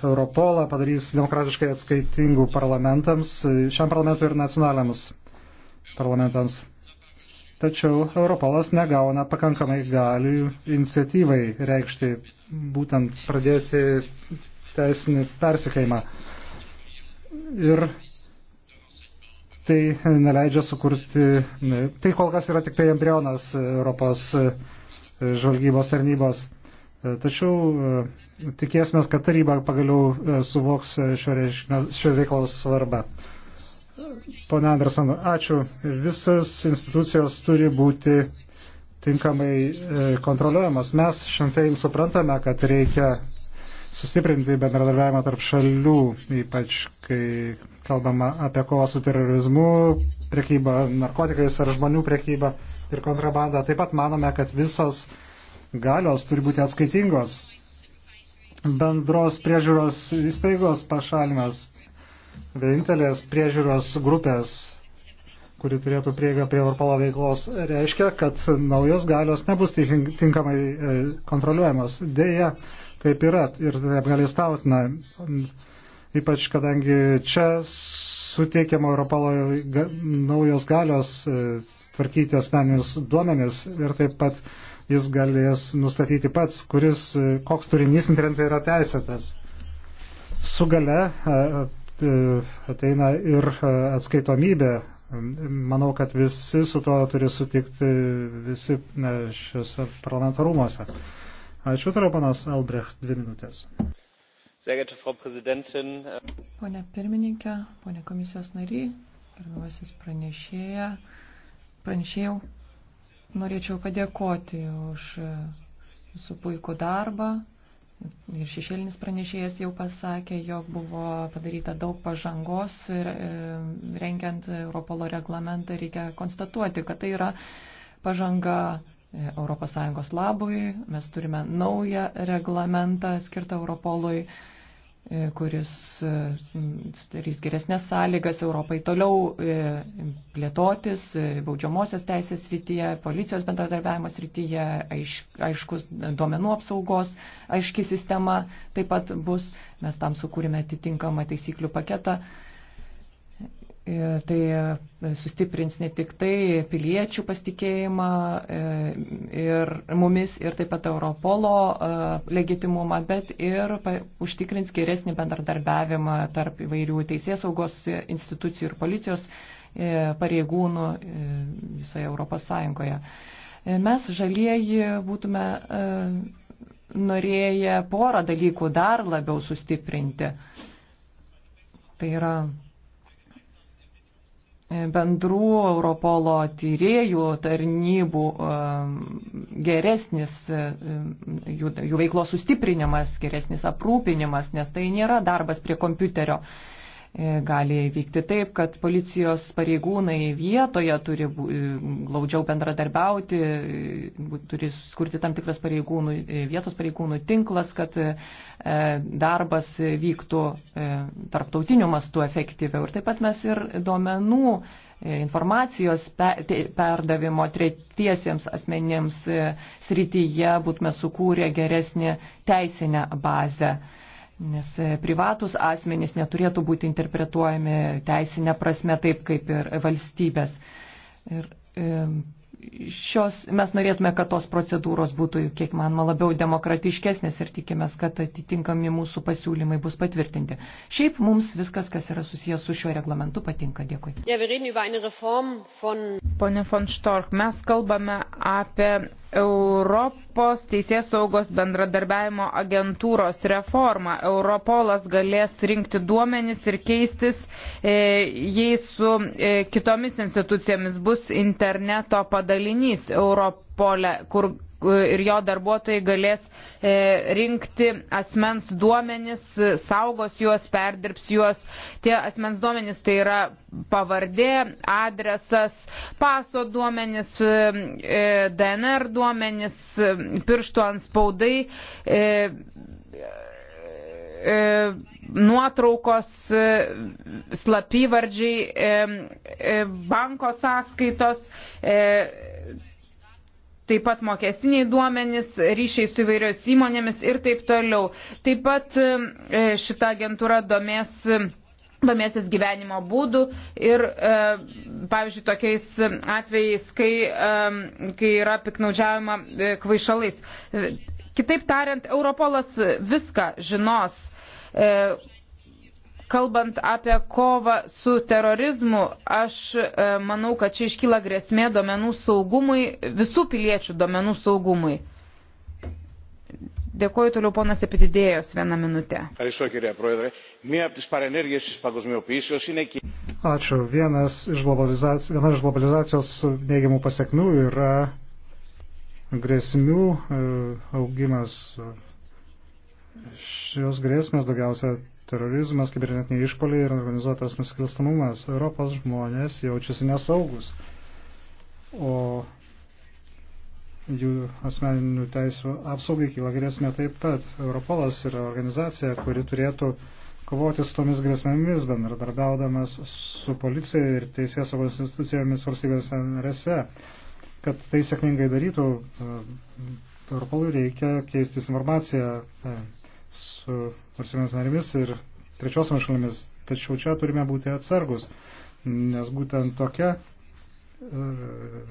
Europolą padarys demokratiškai atskaitingų parlamentams, e, šiam parlamentui ir nacionaliams parlamentams. Tačiau Europolas negauna pakankamai galių iniciatyvai reikšti, būtent pradėti teisinį persikėjimą. Ir tai neleidžia sukurti, tai kol kas yra tik tai embrionas Europos e, žvalgybos tarnybos. E, tačiau e, tikėsime, kad taryba pagaliau suvoks šio, reiškinio, šio reikalaus svarbą. Pone Anderson, ačiū. Visas institucijos turi būti tinkamai kontroliuojamas. Mes šiandien suprantame, kad reikia sustiprinti bendradarbiavimą tarp šalių, ypač kai kalbama apie kovą su terorizmu, priekybą narkotikais ar žmonių priekybą ir kontrabandą. Taip pat manome, kad visos galios turi būti atskaitingos. Bendros priežiūros įstaigos pašalimas, vienintelės priežiūros grupės, kuri turėtų prieigą prie Europolo veiklos, reiškia, kad naujos galios nebus tinkamai e, kontroliuojamos. Deja, taip yra ir tai apgalėstautina, ypač kadangi čia suteikiama Europolo naujos galios e, tvarkyti asmeninius duomenis ir taip pat jis galės nustatyti pats, kuris, e, koks turinys internete yra teisėtas. Su gale e, ateina ir atskaitomybė. Manau, kad visi su tuo turi sutikti visi šiuose parlamentarumuose. Ačiū, toliau panas Albrecht, dvi minutės. Äh, pone pirmininkė, pone komisijos nary, gerbiamasis pranešėja, pranešėjau, norėčiau padėkoti už e, jūsų puikų darbą. Ir šešėlinis pranešėjas jau pasakė, jog buvo padaryta daug pažangos ir e, rengiant Europolo reglamentą reikia konstatuoti, kad tai yra pažanga ES labui. Mes turime naują reglamentą skirtą Europolui, e, kuris e, darys geresnės sąlygas Europai toliau e, plėtotis baudžiamosios teisės srityje, policijos bendradarbiavimo srityje, aiš, aiškus duomenų apsaugos, aiški sistema taip pat bus. Mes tam sukūrėme atitinkamą taisyklių paketą E, tai e, sustiprins ne tik tai piliečių pasitikėjimą e, ir mumis ir taip pat Europolo legitimumą, bet ir užtikrins geresnį bendradarbiavimą tarp įvairių teisės saugos institucijų ir policijos pareigūnų visoje Europos Sąjungoje. Mes žalieji būtume norėję porą dalykų dar labiau sustiprinti. Tai yra bendrų Europolo tyriejų tarnybų um, geresnis um, jų, jų veiklos sustiprinimas, geresnis aprūpinimas, nes tai nėra darbas prie kompiuterio. E, gali įvykti taip, kad policijos pareigūnai vietoje turi e, glaudžiau bendradarbiauti, e, turi skurti tam tikras pareigūnų, vietos pareigūnų tinklas, kad darbas vyktų tarptautiniu mastu efektyviau. Ir taip pat mes ir duomenų informacijos perdavimo tretiesiems asmenėms srityje būtume sukūrę geresnį teisinę bazę nes e, privatus asmenys neturėtų būti interpretuojami teisinė prasme taip, kaip ir valstybės. Ir, e, Šios, mes norėtume, kad tos procedūros būtų, kiek manoma, labiau demokratiškesnės ir tikimės, kad atitinkami mūsų pasiūlymai bus patvirtinti. Šiaip mums viskas, kas yra susijęs su šiuo reglamentu, patinka. Dėkui. Pone von Štork, mes kalbame apie Europos teisės saugos bendradarbiavimo agentūros reforma. Europolas galės rinkti duomenis ir keistis e, jais su e, kitomis institucijomis. Bus interneto padalinys Europole, kur ir jo darbuotojai galės e, rinkti asmens duomenis, saugos juos, perdirbs juos. Tie asmens duomenis tai yra pavardė, adresas, paso duomenis, e, e, DNR duomenis, pirštų ant spaudai nuotraukos, slapyvardžiai, banko sąskaitos, taip pat mokestiniai duomenys, ryšiai su įvairios įmonėmis ir taip toliau. Taip pat e, šita agentūra domės domėsis gyvenimo būdų ir, e, pavyzdžiui, tokiais atvejais, kai, e, kai yra piknaudžiavima e, kvaišalais. E, kitaip tariant, Europolas viską žinos, e, kalbant apie kovą su terorizmu, aš e, manau, kad čia iškyla grėsmė domenų saugumui, visų piliečių domenų saugumui. Dėkuoju toliau ponas Epitidėjos vieną minutę. Ačiū. Vienas iš globalizacijos, viena iš globalizacijos neigiamų pasiekmių yra grėsmių e, augimas. Šios grėsmės daugiausia terorizmas, kibernetiniai išpoliai ir organizuotas nusikalstamumas. Europos žmonės jaučiasi nesaugus, o jų asmeninių teisų apsaugai kyla grėsmė taip pat. Europolas yra organizacija, kuri turėtų kovoti su tomis grėsmėmis, bendradarbiaudamas su policija ir teisės saugos institucijomis valstybės narėse. Kad tai sėkmingai darytų, e, Europolui reikia keistis informaciją e, su valstybėmis narėmis ir trečiosiomis šalimis. Tačiau čia turime būti atsargus, nes būtent tokia e,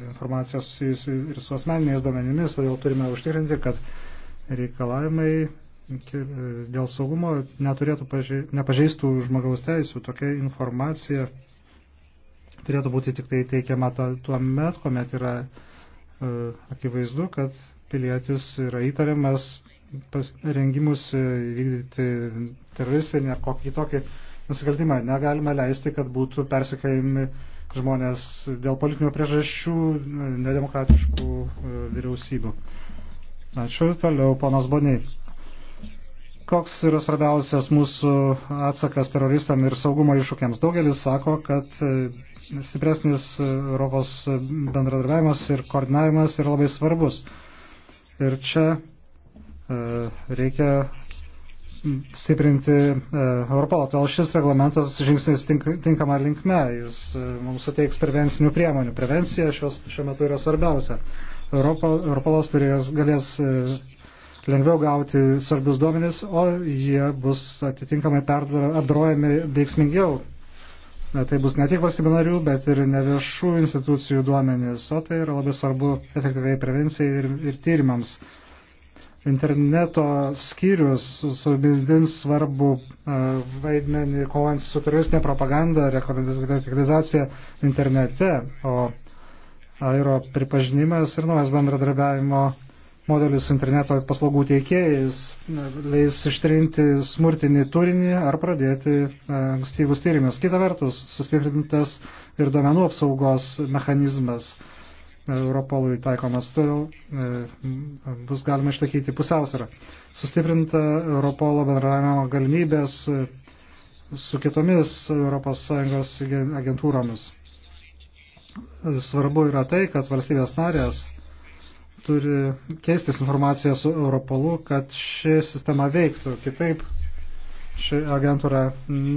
informacija susijusi ir su asmeniniais duomenimis, todėl turime užtikrinti, kad reikalavimai e, dėl saugumo neturėtų pažei, nepažeistų žmogaus teisų. Tokia informacija turėtų būti tik tai teikiama tuo met, kuomet yra e, akivaizdu, kad pilietis yra įtariamas rengimus e, vykdyti teroristinį ar kokį kitokį nusikaltimą. Negalime leisti, kad būtų persikėjami žmonės dėl politinių priežasčių e, nedemokratiškų e, vyriausybių. Ačiū. Toliau, ponas Boniai. Koks yra svarbiausias mūsų atsakas teroristam ir saugumo iššūkiams? Daugelis sako, kad stipresnis Europos bendradarbiavimas ir koordinavimas yra labai svarbus. Ir čia E, reikia stiprinti e, Europolą. Todėl šis reglamentas žingsnis tink, tinkama linkme. Jis e, mums suteiks prevencinių priemonių. Prevencija šios, šiuo metu yra svarbiausia. Europo, Europolas turės, galės lengviau gauti svarbius duomenis, o jie bus atitinkamai apdorojami veiksmingiau. Tai bus ne tik valstybių narių, bet ir ne viešų institucijų duomenys, o tai yra labai svarbu efektyviai prevencijai ir, ir tyrimams interneto skyrius suvaidins svarbu e, vaidmenį kovant su teroristinė propaganda, rekomendacija internete, o airo pripažinimas ir naujas bendradarbiavimo modelis interneto paslaugų teikėjais e, leis ištrinti smurtinį turinį ar pradėti e, ankstyvus tyrimus. Kita vertus, sustiprintas ir domenų apsaugos mechanizmas Europolui taikomas toliau, e, bus galima išlaikyti pusiausvyrą. Sustiprinta Europolo bendravimo galimybės e, su kitomis ES agentūromis. Svarbu yra tai, kad valstybės narės turi keistis informaciją su Europolu, kad ši sistema veiktų. Kitaip ši agentūra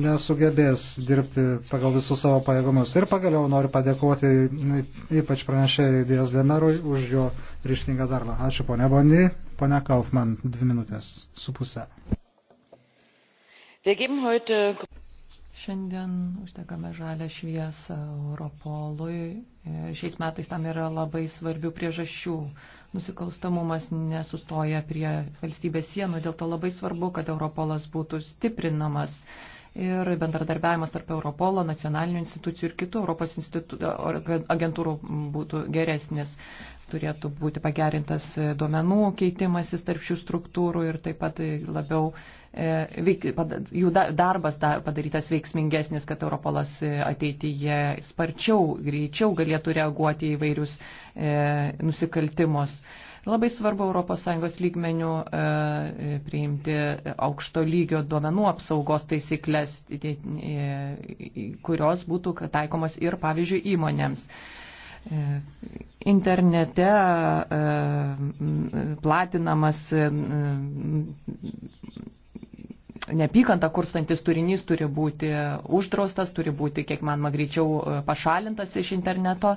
nesugebės dirbti pagal visus savo pajėgumus. Ir pagaliau noriu padėkoti ypač pranešėjai Dijas Demerui už jo ryštingą darbą. Ačiū ponia Bondi, ponia Kaufman, dvi minutės su pusė. Šiandien uždegame žalę šviesą Europolui. Šiais metais tam yra labai svarbių priežasčių. Nusikalstamumas nesustoja prie valstybės sienų, dėl to labai svarbu, kad Europolas būtų stiprinamas. Ir bendradarbiavimas tarp Europolo, nacionalinių institucijų ir kitų Europos institu... agentūrų būtų geresnis turėtų būti pagerintas e, duomenų keitimasis tarp šių struktūrų ir taip pat e, labiau e, jų darbas padarytas veiksmingesnis, kad Europolas ateityje sparčiau, greičiau galėtų reaguoti į vairius nusikaltimus. Labai svarbu ES lygmenių priimti aukšto lygio duomenų apsaugos taisyklės, kurios būtų taikomos ir, pavyzdžiui, įmonėms. E, internete e, platinamas e, neapykantą kurstantis turinys turi būti uždraustas, turi būti kiek manoma greičiau pašalintas iš interneto.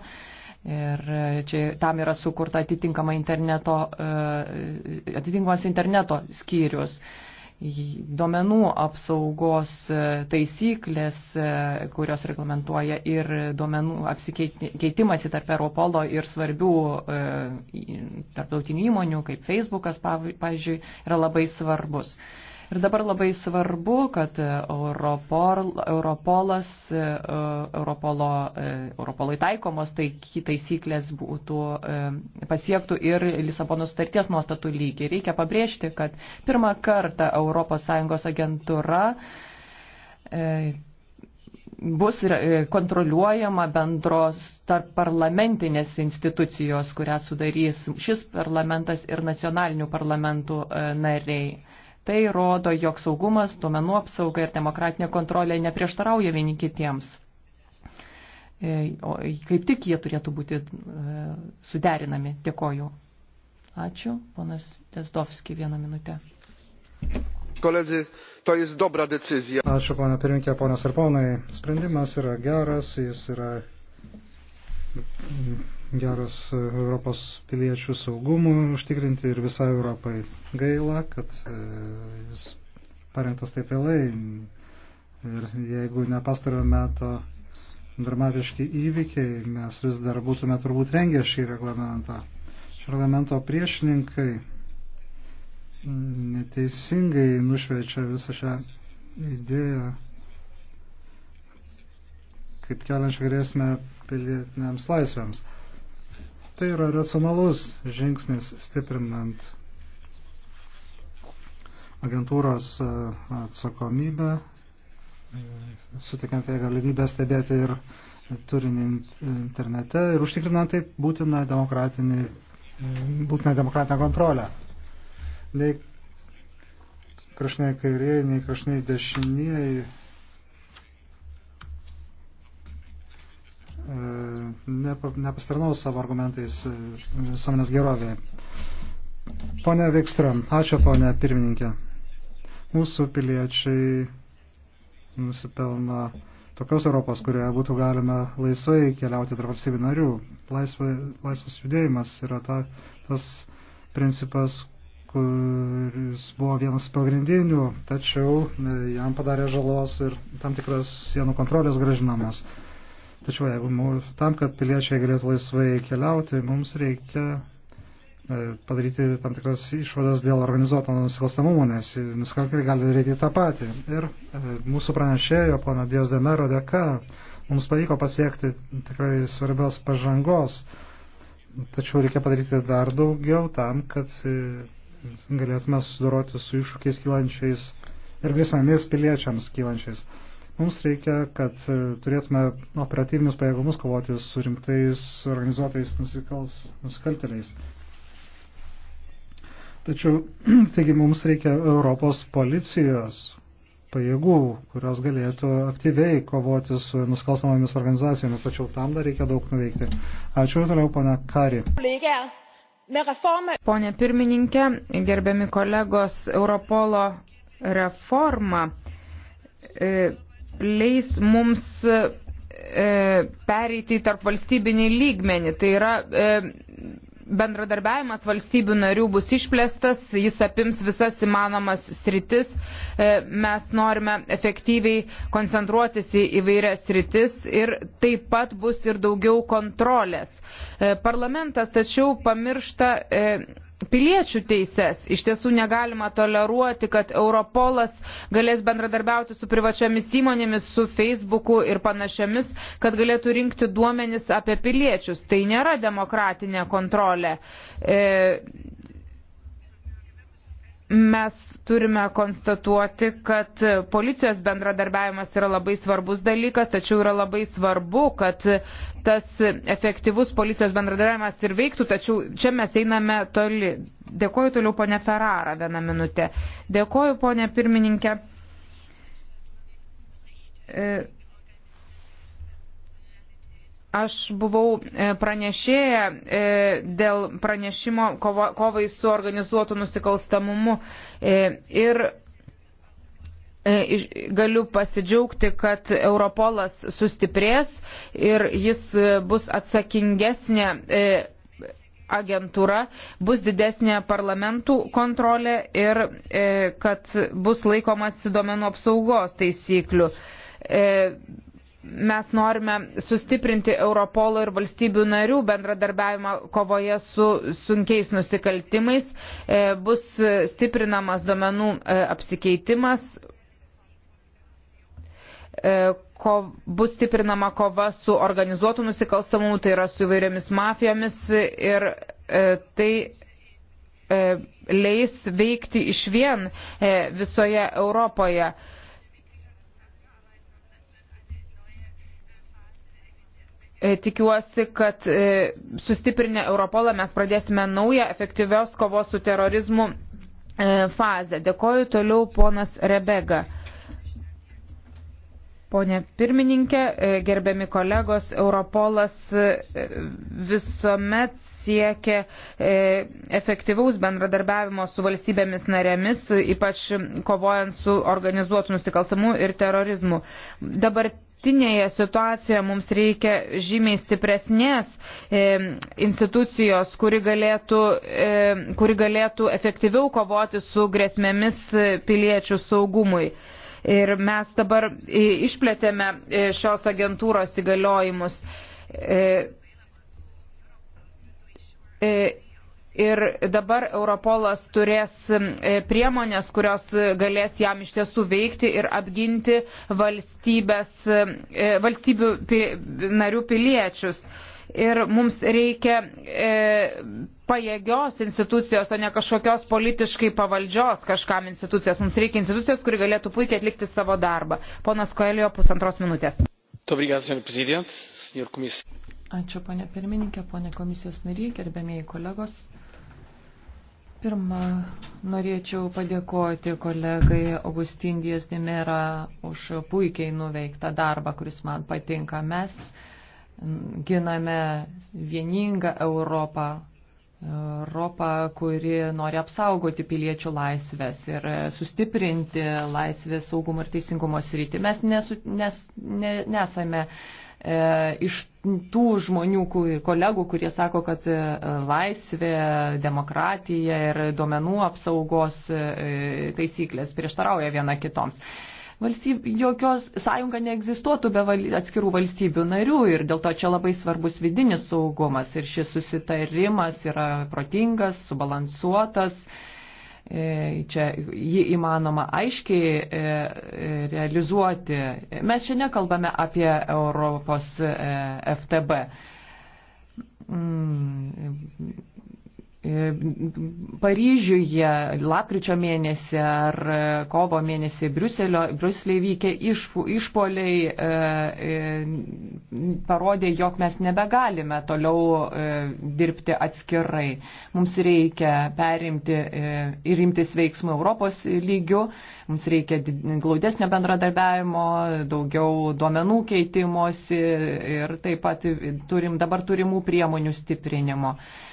Ir čia tam yra sukurta atitinkama interneto, atitinkamas interneto skyrius duomenų apsaugos taisyklės, kurios reglamentuoja ir duomenų apsikeitimasi tarp Europolo ir svarbių e, tarptautinių įmonių, kaip Facebookas, pavyzdžiui, yra labai svarbus. Ir dabar labai svarbu, kad Europol, Europolas, e, Europolo, e, Europolai taikomos tai, taisyklės būtų e, pasiektų ir Lisabono sutarties nuostatų lygį. Reikia pabrėžti, kad pirmą kartą ES agentūra bus kontroliuojama bendros tarp parlamentinės institucijos, kurią sudarys šis parlamentas ir nacionalinių parlamentų nariai. Tai rodo, jog saugumas, duomenų apsauga ir demokratinė kontrolė neprieštarauja vieni kitiems. E, o kaip tik jie turėtų būti e, suderinami. Dėkoju. Ačiū. Ponas Desdovski, vieną minutę. Koledzy, to jest dobra decyzja. Ačiū, pana pirminkė, ponas ir ponai. Sprendimas yra geras, jis yra geras Europos piliečių saugumui užtikrinti ir visai Europai. Gaila, kad e, jis parengtas taip vėlai ir jeigu ne pastarojo meto dramatiški įvykiai, mes vis dar būtume turbūt rengę šį reglamentą. Šio reglamento priešininkai neteisingai nušvečia visą šią idėją kaip keliančią grėsmę pilietiniams laisvėms. Tai yra racionalus žingsnis stiprinant agentūros e, atsakomybę, sutikiant jai galimybę stebėti ir turinį internete ir užtikrinant taip būtiną demokratinį, būtiną demokratinę kontrolę. Nei kraštiniai kairieji, nei kraštiniai dešinieji e, nepastarnaus savo argumentais e, visuomenės gerovėje. Pone Vikstrom, ačiū pone pirmininkė. Mūsų piliečiai nusipelna tokios Europos, kurioje būtų galima laisvai keliauti tarp valstybių narių. Laisvai, laisvas judėjimas yra ta, tas principas, kuris buvo vienas pagrindinių, tačiau e, jam padarė žalos ir tam tikras sienų kontrolės gražinamas. Tačiau jeigu mums, tam, kad piliečiai galėtų laisvai keliauti, mums reikia e, padaryti tam tikras išvadas dėl organizuoto nusikalstamumo, nes nusikaltėliai gali daryti tą patį. Ir e, mūsų pranešėjo, pana Dies Demero dėka, mums pavyko pasiekti tikrai svarbios pažangos, tačiau reikia padaryti dar daugiau tam, kad e, galėtume sudoroti su iššūkiais kylančiais ir grėsmėmis piliečiams kylančiais. Mums reikia, kad e, turėtume operatyvinius pajėgumus kovoti su rimtais organizuotais nusikals, nusikalteliais. Tačiau, taigi, mums reikia Europos policijos pajėgų, kurios galėtų aktyviai kovoti su nusikalstamomis organizacijomis, tačiau tam dar reikia daug nuveikti. Ačiū ir toliau, pana Kari. Pone pirmininkė, gerbiami kolegos, Europolo reforma. E, leis mums e, pereiti į tarp valstybinį lygmenį. Tai yra e, bendradarbiavimas valstybių narių bus išplėstas, jis apims visas įmanomas sritis. E, mes norime efektyviai koncentruotis į įvairias sritis ir taip pat bus ir daugiau kontrolės. Parlamentas tačiau pamiršta piliečių teises. Iš tiesų negalima toleruoti, kad Europolas galės bendradarbiauti su privačiomis įmonėmis, su Facebooku ir panašiamis, kad galėtų rinkti duomenis apie piliečius. Tai nėra demokratinė kontrolė. E, mes turime konstatuoti, kad policijos bendradarbiavimas yra labai svarbus dalykas, tačiau yra labai svarbu, kad tas efektyvus policijos bendradarbiavimas ir veiktų, tačiau čia mes einame toli. Dėkoju toliau ponė Ferrara vieną minutę. Dėkoju ponė pirmininkė. E Aš buvau e, pranešėję e, dėl pranešimo kovai su organizuotu nusikalstamumu e, ir galiu pasidžiaugti, kad Europolas sustiprės ir jis bus atsakingesnė agentūra, bus didesnė parlamentų kontrolė ir kad bus laikomas duomenų apsaugos taisyklių mes norime sustiprinti Europolo ir valstybių narių bendradarbiavimą kovoje su sunkiais nusikaltimais, e, bus stiprinamas duomenų e, apsikeitimas, e, ko, bus stiprinama kova su organizuotu nusikalstamumu, tai yra su įvairiomis mafijomis ir tai leis veikti iš vien visoje Europoje. E, tikiuosi, kad e, sustiprinę Europolą mes pradėsime naują efektyvios kovos su terorizmu e, fazę. Dėkoju toliau ponas Rebega. Pone pirmininkė, gerbiami kolegos, Europolas visuomet siekia efektyvaus bendradarbiavimo su valstybėmis narėmis, ypač kovojant su organizuotų nusikalsamų ir terorizmu. Dabar dabartinėje situacijoje mums reikia žymiai stipresnės e, institucijos, kuri galėtų, e, kuri galėtų efektyviau kovoti su grėsmėmis piliečių saugumui. Ir mes dabar e, išplėtėme e, šios agentūros įgaliojimus. E, e, ir dabar Europolas turės e, priemonės, kurios galės jam iš tiesų veikti ir apginti e, valstybių narių piliečius ir mums reikia e, pajėgios institucijos, o ne kažkokios politiškai pavaldžios kažkam institucijos. Mums reikia institucijos, kuri galėtų puikiai atlikti savo darbą. Ponas Koelio, pusantros minutės. Ačiū, ponė pirmininkė, ponė komisijos nariai, gerbėmėjai kolegos. Pirma, norėčiau padėkoti kolegai Augustindijas Dimera už puikiai nuveiktą darbą, kuris man patinka. Mes giname vieningą Europą, Europą, kuri nori apsaugoti piliečių laisvės ir sustiprinti laisvės saugumo ir teisingumo sritį. Mes nesu, nes, ne, nesame E, iš tų žmonių, kolegų, kurie sako, kad e, laisvė, demokratija ir duomenų apsaugos e, taisyklės prieštarauja viena kitoms valstyb, jokios sąjunga neegzistuotų be val, atskirų valstybių narių ir dėl to čia labai svarbus vidinis saugumas ir šis susitarimas yra protingas, subalansuotas E, čia jį įmanoma aiškiai e, realizuoti. Mes čia nekalbame apie Europos e, FTB mm, E, Paryžiuje lapkričio mėnesį ar kovo mėnesį Briuselio, Briuselėje vykę iš, išpoliai e, e, parodė, jog mes nebegalime toliau e, dirbti atskirai. Mums reikia perimti e, ir imtis veiksmų Europos lygių, mums reikia glaudesnio bendradarbiavimo, daugiau duomenų keitimosi ir taip pat turim, dabar turimų priemonių stiprinimo. E,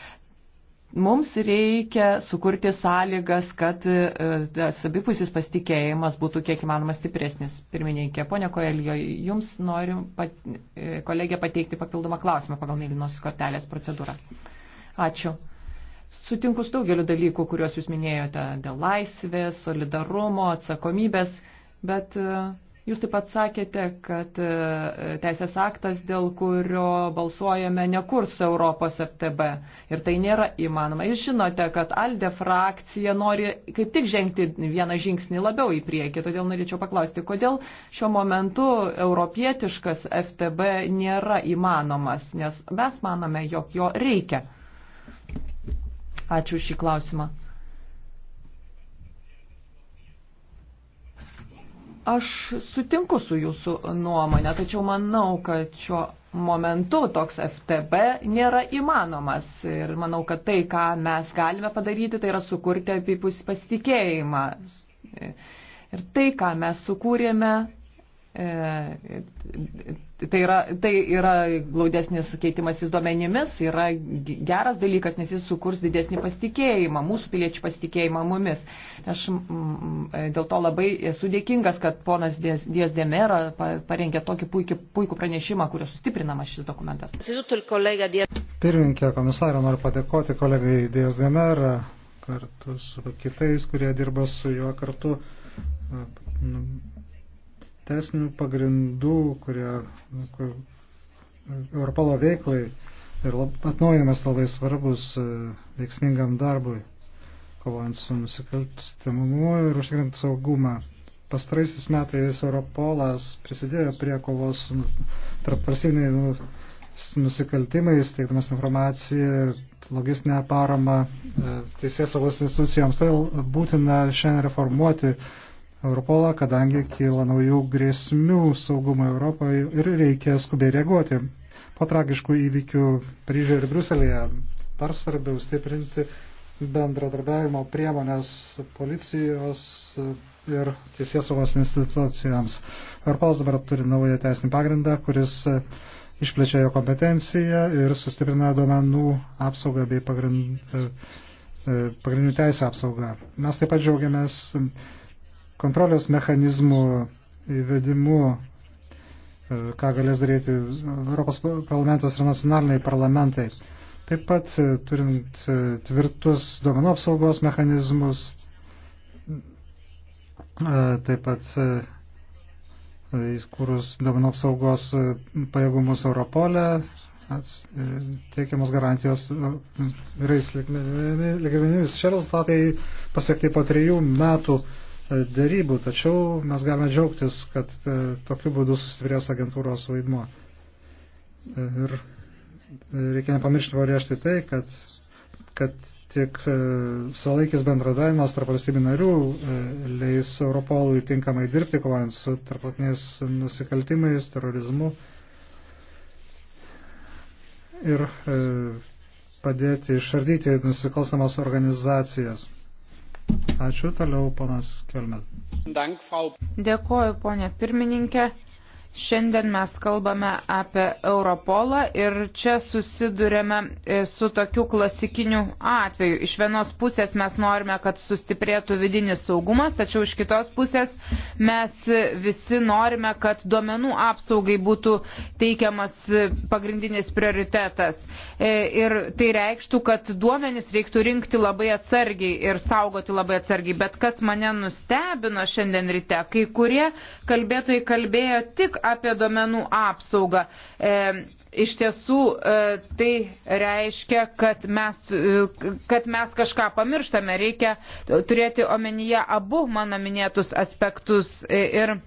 Mums reikia sukurti sąlygas, kad e, tas abipusis pasitikėjimas būtų kiek įmanoma stipresnis. Pirmininkė, ponia Koelijo, jums noriu pat, e, kolegė pateikti papildomą klausimą pagal mėlynosios kortelės procedūrą. Ačiū. Sutinku su daugeliu dalykų, kuriuos jūs minėjote dėl laisvės, solidarumo, atsakomybės, bet uh, Jūs taip pat sakėte, kad e, teisės aktas, dėl kurio balsuojame, nekurs Europos FTB ir tai nėra įmanoma. Jūs žinote, kad Alde frakcija nori kaip tik žengti vieną žingsnį labiau į priekį, todėl norėčiau paklausti, kodėl šiuo momentu europietiškas FTB nėra įmanomas, nes mes manome, jog jo reikia. Ačiū šį klausimą. Aš sutinku su jūsų nuomonė, tačiau manau, kad šiuo momentu toks FTB nėra įmanomas. Ir manau, kad tai, ką mes galime padaryti, tai yra sukurti apipus pasitikėjimą. Ir tai, ką mes sukūrėme, E, tai yra, tai yra glaudesnis keitimasis duomenimis, yra geras dalykas, nes jis sukurs didesnį pasitikėjimą, mūsų piliečių pasitikėjimą mumis. Aš dėl to labai esu dėkingas, kad ponas Dies Demera parengė tokį puikį, puikų pranešimą, kurio sustiprinamas šis dokumentas. Pirminkė komisarė, noriu padėkoti kolegai Dies Demera kartu su kitais, kurie dirba su juo kartu teisinių pagrindų, kurie kur, Europolo veiklai ir lab, atnaujamas labai svarbus e, veiksmingam darbui, kovojant su nusikalstamumu ir užtikrint saugumą. Pastaraisiais metais Europolas prisidėjo prie kovos su nu, tarpvalstybiniai nusikaltimais, teikdamas informaciją, logistinę paramą e, teisės saugos institucijoms. Tai būtina šiandien reformuoti Europolą, kadangi kyla naujų grėsmių saugumo Europoje ir reikia skubiai reaguoti. Po tragiškų įvykių Paryžioje ir Bruselėje dar svarbiau stiprinti bendradarbiavimo priemonės policijos ir teisėsaugos institucijoms. Europolas dabar turi naują teisinį pagrindą, kuris išplečia jo kompetenciją ir sustiprina duomenų apsaugą bei e, e, pagrindinių teisų apsaugą. Mes taip pat džiaugiamės kontrolės mechanizmų įvedimu, e, ką galės daryti Europos parlamentas ir nacionaliniai parlamentai. Taip pat e, turint e, tvirtus duomenų apsaugos mechanizmus, taip pat įskūrus duomenų apsaugos pajėgumus Europolę, teikiamos garantijos vyrais lygmenimis. Šie rezultatai pasiekti po trijų metų dėrybų, tačiau mes galime džiaugtis, kad e, tokiu būdu sustiprės agentūros vaidmo. Ir reikia nepamiršti varėžti tai, kad, kad tik e, savalaikis bendradavimas tarp valstybių narių e, leis Europolui tinkamai dirbti, kovojant su tarptautiniais nusikaltimais, terorizmu ir padėti išardyti nusikalstamas organizacijas. Ačiū toliau, panas Kelmet. Dėkoju, ponė pirmininkė. Šiandien mes kalbame apie Europolą ir čia susidurėme e, su tokiu klasikiniu atveju. Iš vienos pusės mes norime, kad sustiprėtų vidinis saugumas, tačiau iš kitos pusės mes e, visi norime, kad duomenų apsaugai būtų teikiamas e, pagrindinis prioritetas. Ir tai reikštų, kad duomenys reiktų rinkti labai atsargiai ir saugoti labai atsargiai. Bet kas mane nustebino šiandien ryte, kai kurie kalbėtojai kalbėjo tik apie domenų apsaugą. E, iš tiesų e, tai reiškia, kad mes, e, kad mes kažką pamirštame. Reikia turėti omenyje abu mano minėtus aspektus. E, ir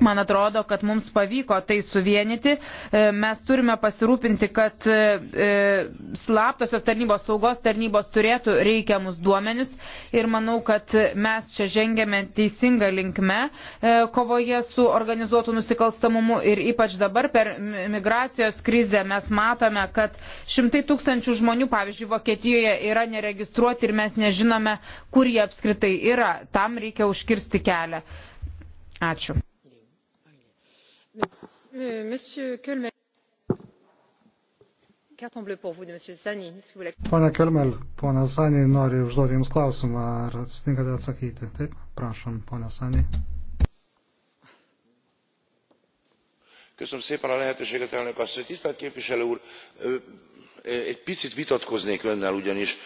Man atrodo, kad mums pavyko tai suvienyti. E, mes turime pasirūpinti, kad e, e, slaptosios tarnybos, saugos tarnybos turėtų reikiamus duomenis. Ir manau, kad mes čia žengėme teisingą linkmę kovoje su organizuotu nusikalstamumu. Ir ypač dabar per migracijos krizę mes matome, kad šimtai tūkstančių žmonių, pavyzdžiui, Vokietijoje yra neregistruoti ir mes nežinome, kur jie apskritai yra. Tam reikia užkirsti kelią. Ačiū. Pone Kelmel, pone Saniai nori užduoti Jums klausimą, ar sutinkate atsakyti? Taip, prašom, pone Saniai. Köszönöm szépen a lehetőséget, elnök asszony. Tisztelt képviselő úr, egy picit vitatkoznék önnel ugyanis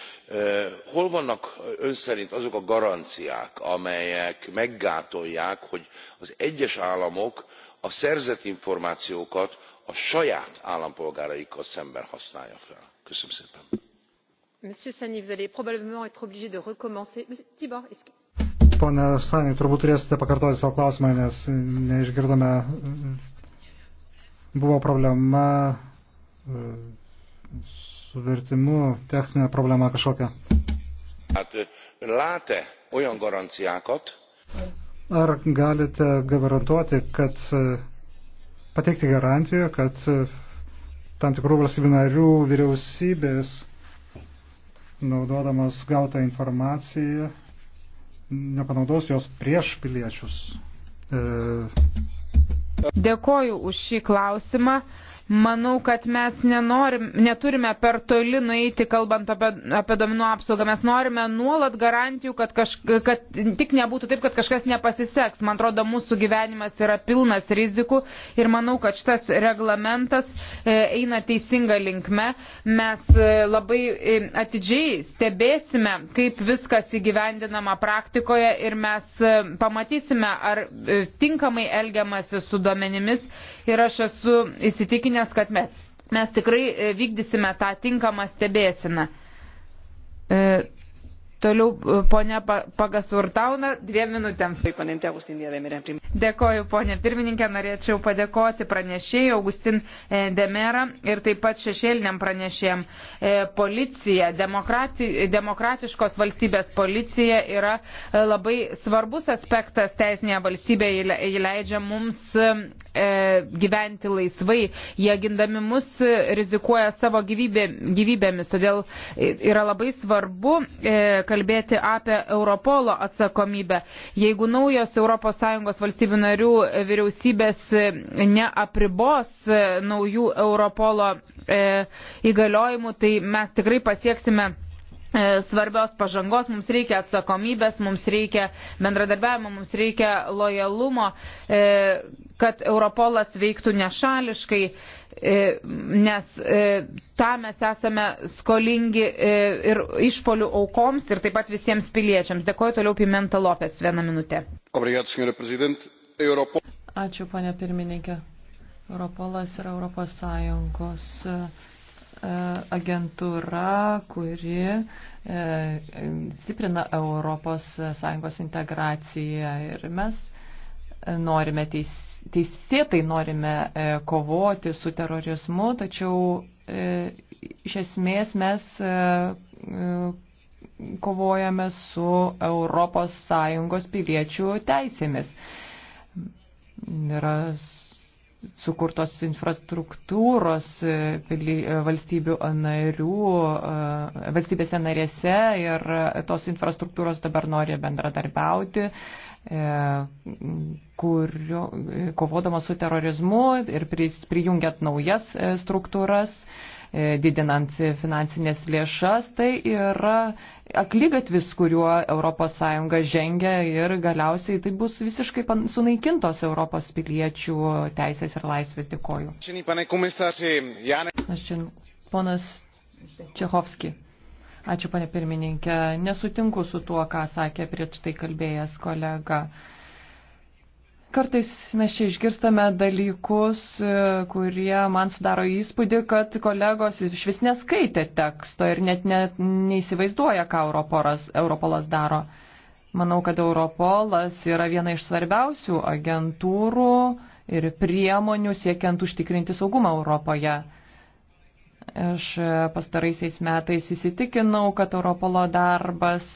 hol vannak ön szerint azok a garanciák amelyek meggátolják hogy az egyes államok a szerzett információkat a saját állampolgáraikkal szemben használja fel. köszönöm szépen! Pone Sanai, turbūt turėsite pakartoti savo klausimą, nes neišgirdome. Buvo problema e, su vertimu, techninė problema kažkokia. Hát ön e, lát-e olyan garanciákat, Ar galite garantuoti, kad pateikti garantiją, kad tam tikrų valstybių narių vyriausybės, naudodamas gautą informaciją, nepanaudos jos prieš piliečius? E... Dėkoju už šį klausimą. Manau, kad mes nenorim, neturime per toli nueiti, kalbant apie, apie domino apsaugą. Mes norime nuolat garantijų, kad, kaž, kad tik nebūtų taip, kad kažkas nepasiseks. Man atrodo, mūsų gyvenimas yra pilnas rizikų ir manau, kad šitas reglamentas e, eina teisinga linkme. Mes e, labai e, atidžiai stebėsime, kaip viskas įgyvendinama praktikoje ir mes pamatysime, ar tinkamai elgiamasi su duomenimis ir aš esu įsitikinęs, kad mes, mes tikrai e, vykdysime tą tinkamą stebėsiną. E, Toliau e, ponia Pagasurtauna, dviem minutėms. Dėkoju, ponia pirmininkė, norėčiau padėkoti pranešėjai Augustin e, Demera ir taip pat šešėliniam pranešėjam. E, policija, demokrati, demokratiškos valstybės policija yra labai svarbus aspektas teisinėje valstybėje, jį leidžia mums gyventi laisvai, jie gindami mus rizikuoja savo gyvybė, gyvybėmis, todėl yra labai svarbu, kalbėti apie Europolo atsakomybę. Jeigu naujos ES valstybių narių vyriausybės neapribos e, naujų Europolo e, įgaliojimų, tai mes tikrai pasieksime e, svarbios pažangos, mums reikia atsakomybės, mums reikia bendradarbiavimo, mums reikia lojalumo. E, kad Europolas veiktų nešališkai, e, nes e, tą mes esame skolingi e, ir išpolių aukoms ir taip pat visiems piliečiams. Dėkuoju toliau Pimenta Lopes vieną minutę. Ačiū, ponė pirmininkė. Europolas yra Europos Sąjungos agentūra, kuri stiprina Europos Sąjungos integraciją ir mes norime teisės teisėtai norime e, kovoti su terorizmu, tačiau e, iš esmės mes e, kovojame su ES piliečių teisėmis. Yra sukurtos infrastruktūros valstybių narių, valstybėse narėse ir tos infrastruktūros dabar nori bendradarbiauti, E, kurio, e, kovodama su terorizmu ir prijungiant naujas e, struktūras, didinant finansinės lėšas, tai yra aklygatvis, kuriuo ES žengia ir galiausiai tai bus visiškai sunaikintos Europos piliečių teisės ir laisvės. Dėkoju. Aš čia, ponas Čehovski. Ačiū, panė pirmininkė. Nesutinku su tuo, ką sakė prieš tai kalbėjęs kolega. Kartais mes čia išgirstame dalykus, kurie man sudaro įspūdį, kad kolegos iš vis neskaitė teksto ir net, net neįsivaizduoja, ką Europoras, Europolas daro. Manau, kad Europolas yra viena iš svarbiausių agentūrų ir priemonių siekiant užtikrinti saugumą Europoje. Aš pastaraisiais metais įsitikinau, kad Europolo darbas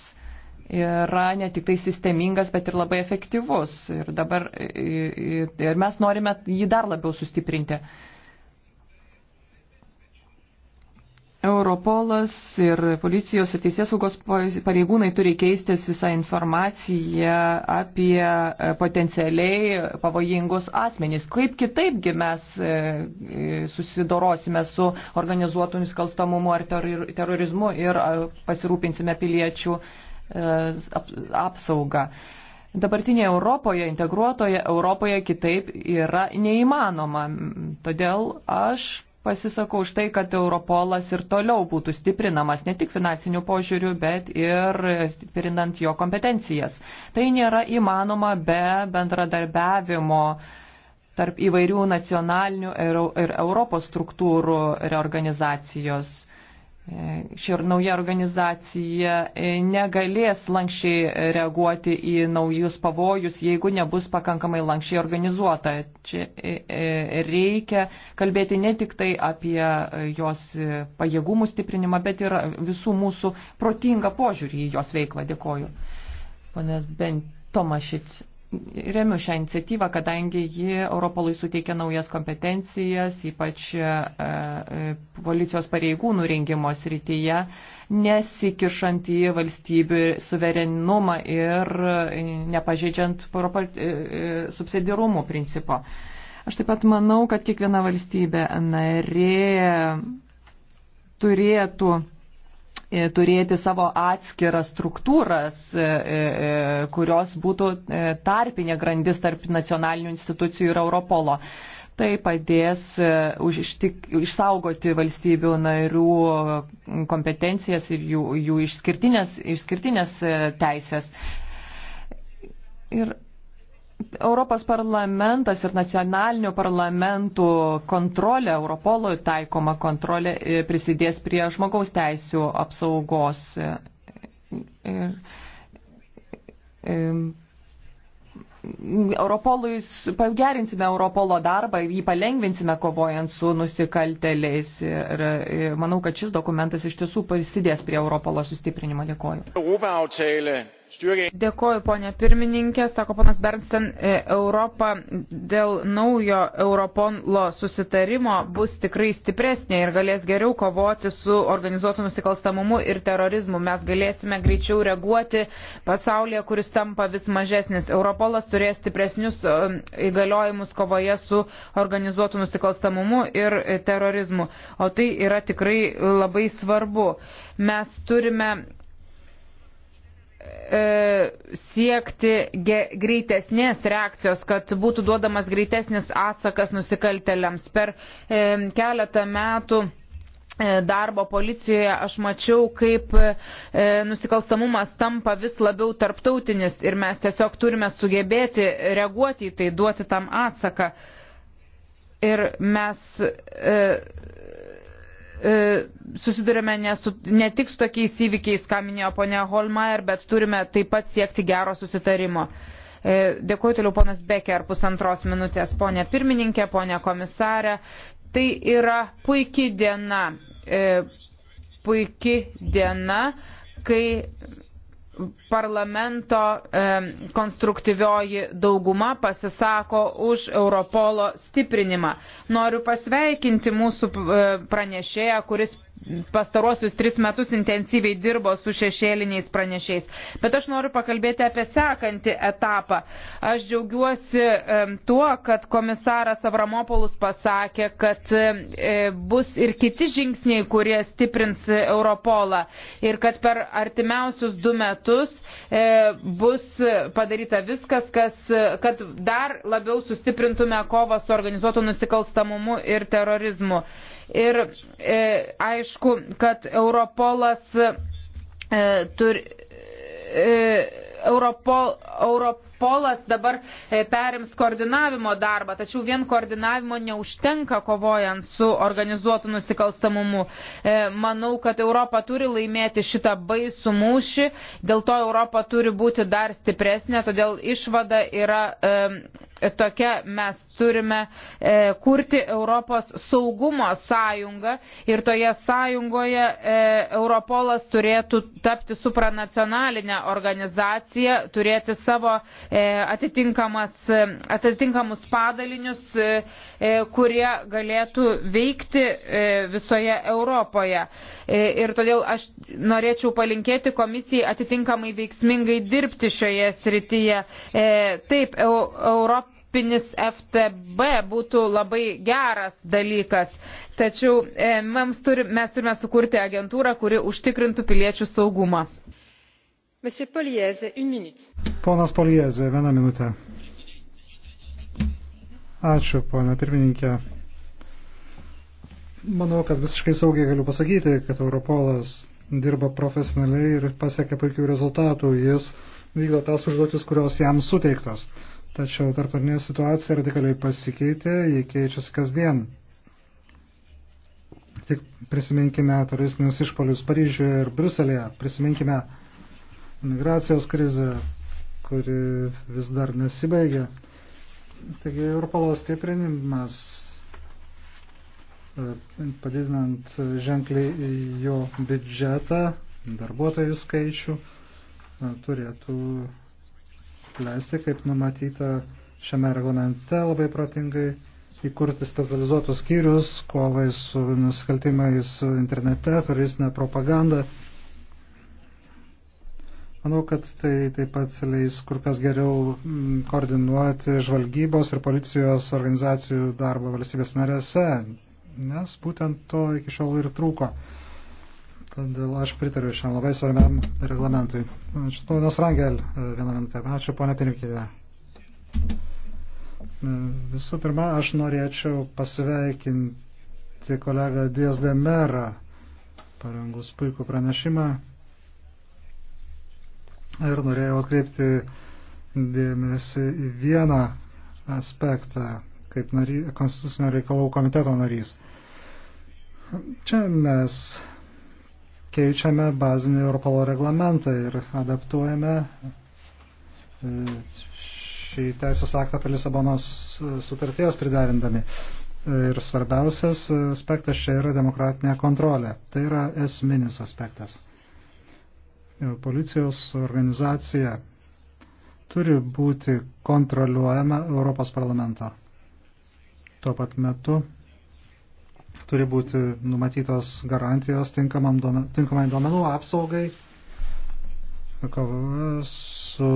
yra ne tik tai sistemingas, bet ir labai efektyvus. Ir dabar ir mes norime jį dar labiau sustiprinti. Europolas ir policijos ir teisės saugos pareigūnai turi keistis visą informaciją apie e, potencialiai pavojingus asmenys. Kaip kitaipgi mes e, e, susidorosime su organizuotų nusikalstamumu ar terorizmu ir pasirūpinsime piliečių apsaugą. Dabartinėje Europoje, integruotoje Europoje kitaip yra neįmanoma. Todėl aš pasisakau už tai, kad Europolas ir toliau būtų stiprinamas ne tik finansinių požiūrių, bet ir stiprinant jo kompetencijas. Tai nėra įmanoma be bendradarbiavimo tarp įvairių nacionalinių ir Europos struktūrų reorganizacijos ši nauja organizacija e, negalės lankščiai reaguoti į naujus pavojus, jeigu nebus pakankamai lankščiai organizuota. Čia e, e, reikia kalbėti ne tik tai apie jos pajėgumų stiprinimą, bet ir visų mūsų protingą požiūrį į jos veiklą. Dėkoju. Ponas Bent Tomašic remiu šią iniciatyvą, kadangi ji Europolui suteikia naujas kompetencijas, ypač e, e, policijos pareigūnų rengimo srityje, nesikišant į valstybių suverenumą ir e, nepažeidžiant subsidirumų principo. Aš taip pat manau, kad kiekviena valstybė narė turėtų E, turėti savo atskiras struktūras, e, e, kurios būtų tarpinė grandis tarp nacionalinių institucijų ir Europolo. Tai padės užtik, išsaugoti valstybių narių kompetencijas ir jų, jų išskirtinės, išskirtinės teisės. Ir Europos parlamentas ir nacionalinių parlamentų kontrolė, Europolo taikoma kontrolė e, prisidės prie žmogaus teisų apsaugos. Ir, e, ir, e, Europolui pagerinsime Europolo darbą, jį palengvinsime kovojant su nusikalteliais. Ir manau, kad šis dokumentas iš tiesų prisidės prie Europolo sustiprinimo. Dėkoju. Dėkoju, ponė pirmininkė, sako ponas Bernstein, e, Europa dėl naujo Europolo susitarimo bus tikrai stipresnė ir galės geriau kovoti su organizuotu nusikalstamumu ir terorizmu. Mes galėsime greičiau reaguoti pasaulyje, kuris tampa vis mažesnis. Europolas turės stipresnius e, įgaliojimus kovoje su organizuotu nusikalstamumu ir e, terorizmu. O tai yra tikrai labai svarbu. Mes turime E, siekti greitesnės reakcijos, kad būtų duodamas greitesnis atsakas nusikalteliams. Per e, keletą metų e, darbo policijoje aš mačiau, kaip nusikalstamumas tampa vis labiau tarptautinis ir mes tiesiog turime sugebėti reaguoti į tai, duoti tam atsaką. Ir mes E, susidurime ne, su, ne tik su tokiais įvykiais, ką minėjo ponia Holmeier, bet turime taip pat siekti gero susitarimo. E, dėkuoju toliau ponas Becker pusantros minutės, ponė pirmininkė, ponė komisarė. Tai yra puikia diena, e, puikia diena, kai parlamento e, konstruktyvioji dauguma pasisako už Europolo stiprinimą. Noriu pasveikinti mūsų e, pranešėją, kuris pastaruosius tris metus intensyviai dirbo su šešėliniais pranešiais. Bet aš noriu pakalbėti apie sekantį etapą. Aš džiaugiuosi e, tuo, kad komisaras Avramopolus pasakė, kad e, bus ir kiti žingsniai, kurie stiprins Europolą ir kad per artimiausius du metus metus e, bus padaryta viskas, kas, kad dar labiau sustiprintume kovą su organizuotu nusikalstamumu ir terorizmu. Ir e, aišku, kad Europolas e, turi. Europol, Europol Europolas dabar e, perims koordinavimo darbą, tačiau vien koordinavimo neužtenka kovojant su organizuotu nusikalstamumu. E, manau, kad Europa turi laimėti šitą baisų mūšį, dėl to Europa turi būti dar stipresnė, todėl išvada yra. E, tokia mes turime e, kurti Europos saugumo sąjungą ir toje sąjungoje e, Europolas turėtų tapti supranacionalinę organizaciją, turėti savo e, e atitinkamus padalinius, e, e, kurie galėtų veikti e, visoje Europoje. E, ir todėl aš norėčiau palinkėti komisijai atitinkamai veiksmingai dirbti šioje srityje. E, taip, Europos europinis FTB būtų labai geras dalykas. Tačiau e, turi, mes turime sukurti agentūrą, kuri užtikrintų piliečių saugumą. Polieze, Ponas Polieze, vieną minutę. Ačiū, ponia pirmininkė. Manau, kad visiškai saugiai galiu pasakyti, kad Europolas dirba profesionaliai ir pasiekia puikių rezultatų. Jis vykdo tas užduotis, kurios jam suteiktos. Tačiau tarptautinė situacija radikaliai pasikeitė, jie keičiasi kasdien. Tik prisiminkime turistinius išpolius Paryžiuje ir Bruselėje, prisiminkime migracijos krizę, kuri vis dar nesibaigia. Taigi Europolo stiprinimas, e, padidinant ženkliai jo biudžetą, darbuotojų skaičių, e, turėtų leisti, kaip numatyta šiame reglamente, labai protingai įkurti specializuotus skyrius kovai su nusikaltimais internete, turistinė propaganda. Manau, kad tai taip pat leis kur kas geriau mm, koordinuoti žvalgybos ir policijos organizacijų darbą valstybės narėse, nes būtent to iki šiol ir trūko. Todėl aš pritariu šiam labai svarbiam reglamentui. Ačiū, ponas Rangel, vieną minutę. Ačiū, ponė pirmkite. Visų pirma, aš norėčiau pasveikinti kolegą Dies de Merą, parengus puikų pranešimą. Ir norėjau atkreipti dėmesį į vieną aspektą, kaip nary, konstitucinio reikalų komiteto narys. Čia mes keičiame bazinį Europolo reglamentą ir adaptuojame e, šį teisės aktą prie Lisabonos sutarties pridarindami. Ir svarbiausias aspektas čia yra demokratinė kontrolė. Tai yra esminis aspektas. E, policijos organizacija turi būti kontroliuojama Europos parlamento. Tuo pat metu turi būti numatytos garantijos tinkamam duomen, tinkamai duomenų apsaugai, kova su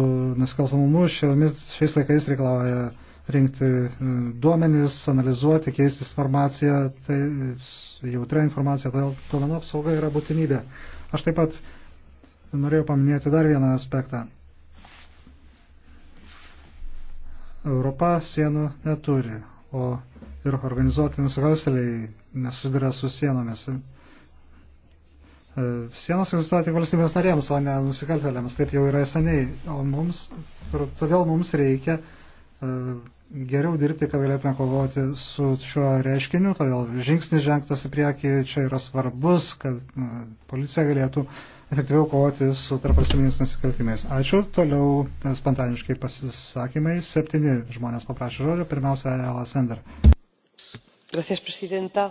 neskalsamumu šiomis, šiais laikais reikalauja rinkti e, duomenys, analizuoti, keisti informaciją, tai jautrė informacija, todėl duomenų apsauga yra būtinybė. Aš taip pat norėjau paminėti dar vieną aspektą. Europa sienų neturi, o ir organizuoti nusikalstėliai nesusiduria su sienomis. E, sienos egzistuoja tik valstybės narėms, o ne nusikaltėliams, taip jau yra seniai. O mums, todėl mums reikia e, geriau dirbti, kad galėtume kovoti su šiuo reiškiniu, todėl žingsnis žengtas į priekį čia yra svarbus, kad e, policija galėtų efektyviau kovoti su tarpvalstybiniais nusikaltimais. Ačiū. Toliau spontaniškai pasisakymai. Septyni žmonės paprašė žodžio. Pirmiausia, Ela Sender señora presidenta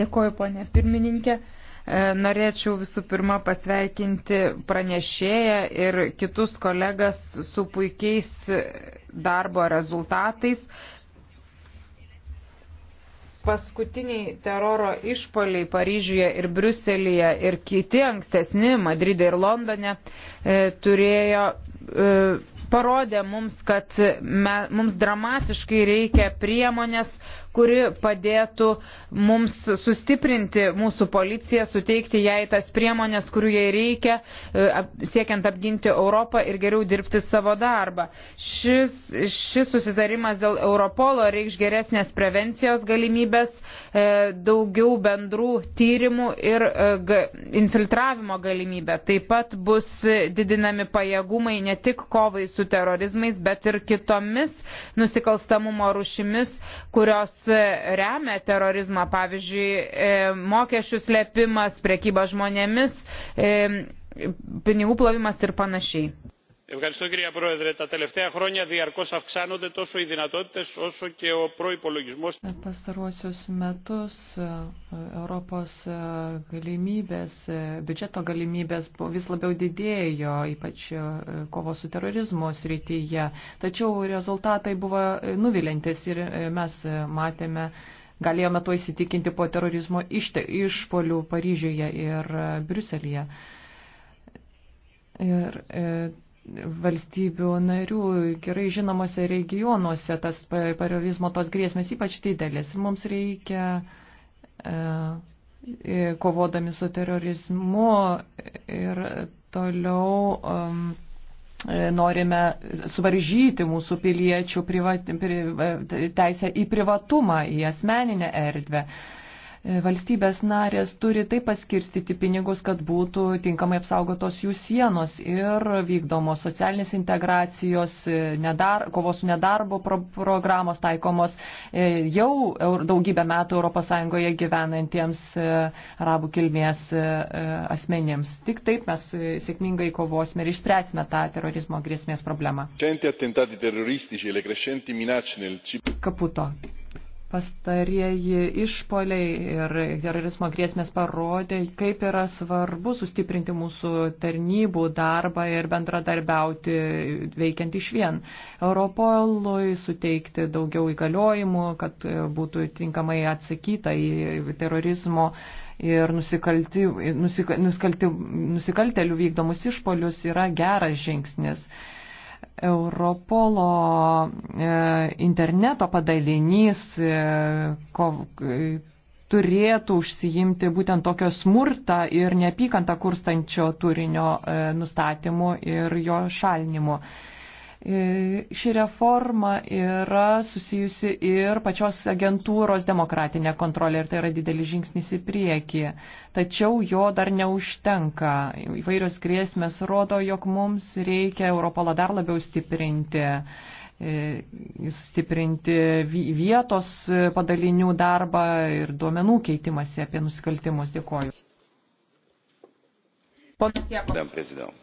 dėkoju pone pirmininke. Norėčiau visų pirma pasveikinti pranešėją ir kitus kolegas su puikiais darbo rezultatais. Paskutiniai teroro išpoliai Paryžiuje ir Briuselėje ir kiti ankstesni Madride ir Londone e, turėjo e, parodė mums, kad me, mums dramatiškai reikia priemonės, kuri padėtų mums sustiprinti mūsų policiją, suteikti jai tas priemonės, kurių jai reikia, e, siekiant apginti Europą ir geriau dirbti savo darbą. Šis, šis susitarimas dėl Europolo reikš geresnės prevencijos galimybės, e, daugiau bendrų tyrimų ir e, infiltravimo galimybę. Taip pat bus didinami pajėgumai ne tik kovai su terorizmais, bet ir kitomis nusikalstamumo rušimis, kurios remia terorizmą, pavyzdžiui, e, mokesčių slėpimas, priekyba žmonėmis, e, pinigų plovimas ir panašiai κυρία πρόεδρε τα τελευταία χρόνια διαρκώς αυξάνονται τόσο οι δυνατότητες όσο και ο προϋπολογισμός. Pastaruosius metus Europos galimybės, biudžeto galimybės vis labiau didėjo, ypač e, kovos su terorizmu srityje. Tačiau rezultatai buvo e, nuvilintis ir e, mes matėme galėjome to įsitikinti po terorizmo išpolių Paryžiuje ir Briuselėje. Ir e, valstybių narių, gerai žinomose regionuose tas paralizmo tos grėsmės ypač didelis. Ir mums reikia, e, e, kovodami su terorizmu ir toliau um, e, norime suvaržyti mūsų piliečių privat, pri, teisę į privatumą, į asmeninę erdvę. Uh, E, valstybės narės turi taip paskirstyti pinigus, kad būtų tinkamai apsaugotos jų sienos ir vykdomos socialinės integracijos, e, nedar, kovos su nedarbo pro, programos taikomos e, jau daugybę metų ES gyvenantiems arabų kilmės asmenims. Tik taip mes sėkmingai kovosime ir išspręsime tą terorizmo grėsmės problemą. Kaputo. Pastarieji išpoliai ir terorizmo grėsmės parodė, kaip yra svarbu sustiprinti mūsų tarnybų darbą ir bendradarbiauti veikiant iš vien. Europolui suteikti daugiau įgaliojimų, kad būtų tinkamai atsakyta į terorizmo ir nusikalti, nusika, nusikalti, nusikaltelių vykdomus išpolius yra geras žingsnis. Europolo e, interneto padalinys e, e, turėtų užsijimti būtent tokio smurtą ir neapykantą kurstančio turinio nustatymu ir jo šalinimu. E, ši reforma yra susijusi ir pačios agentūros demokratinė kontrolė ir tai yra didelis žingsnis į priekį. Tačiau jo dar neužtenka. Įvairios grėsmės rodo, jog mums reikia Europolą dar labiau stiprinti sustiprinti e, vietos padalinių darbą ir duomenų keitimąsi apie nusikaltimus. Dėkoju. Ponas Jekos.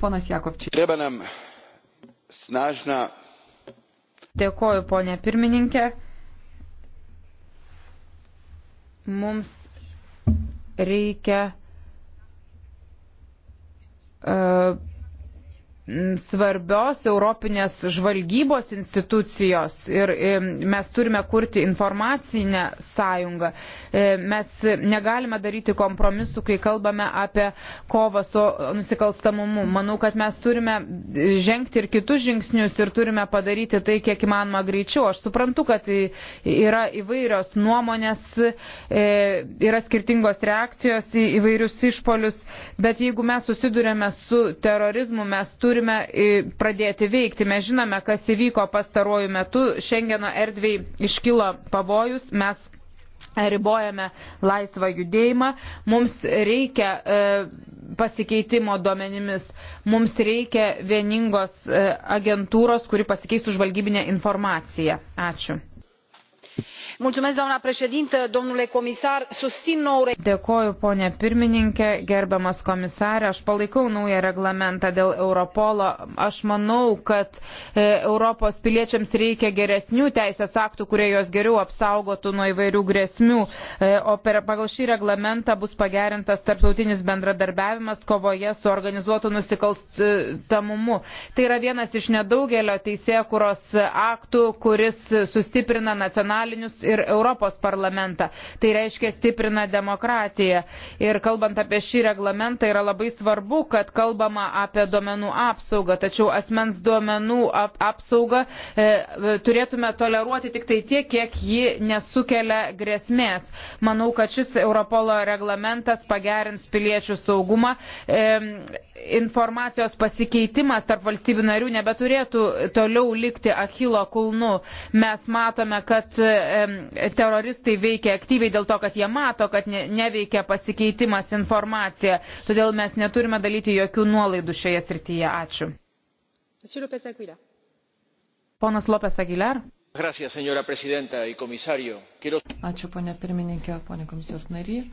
Ponas Jakovčiai. Treba nam snažna. Dėkoju, ponė pirmininkė. Mums reikia. Uh, Mm, svarbios Europinės žvalgybos institucijos ir e, mes turime kurti informacinę sąjungą. E, mes negalime daryti kompromisų, kai kalbame apie kovą su nusikalstamumu. Manau, kad mes turime žengti ir kitus žingsnius ir turime padaryti tai, kiek įmanoma greičiau. Aš suprantu, kad yra įvairios nuomonės, e, yra skirtingos reakcijos į įvairius išpolius, bet jeigu mes susidurėme su terorizmu, mes turime turime e, pradėti veikti. Mes žinome, kas įvyko pastaruoju metu. Šengeno erdvėj iškilo pavojus. Mes e, ribojame laisvą judėjimą, mums reikia e, pasikeitimo duomenimis, mums reikia vieningos e, agentūros, kuri pasikeistų žvalgybinę informaciją. Ačiū doamnă președintă domnule comisar susțin noul regulament. dėkoju pone pirmininke gerbiamas komisare aš palaikau naują reglamentą dėl europolo. aš manau kad e, europos piliečiams reikia geresnių teisės aktų kurie juos geriau apsaugotų nuo įvairių grėsmių e, o per, pagal šį reglamentą bus pagerintas tarptautinis bendradarbiavimas kovoje su organizuotu nusikalstamumu. tai yra vienas iš nedaugelio teisėkūros aktų kuris sustiprina nacionalinę nacionalinius ir Europos parlamentą. Tai reiškia stiprina demokratiją. Ir kalbant apie šį reglamentą yra labai svarbu, kad kalbama apie duomenų apsaugą. Tačiau asmens duomenų ap apsaugą e, e, turėtume toleruoti tik tai tiek, kiek ji nesukelia grėsmės. Manau, kad šis Europolo reglamentas pagerins piliečių saugumą. E, informacijos pasikeitimas tarp valstybių narių nebeturėtų toliau likti Achilo kulnu. Mes matome, kad e, teroristai veikia aktyviai dėl to, kad jie mato, kad neveikia pasikeitimas informacija. Todėl mes neturime dalyti jokių nuolaidų šioje srityje. Ačiū. Ponas Lopes Aguilar. Gracias, señora presidenta y comisario. Quiero... Ačiū, ponė pirmininkė, ponė komisijos nary.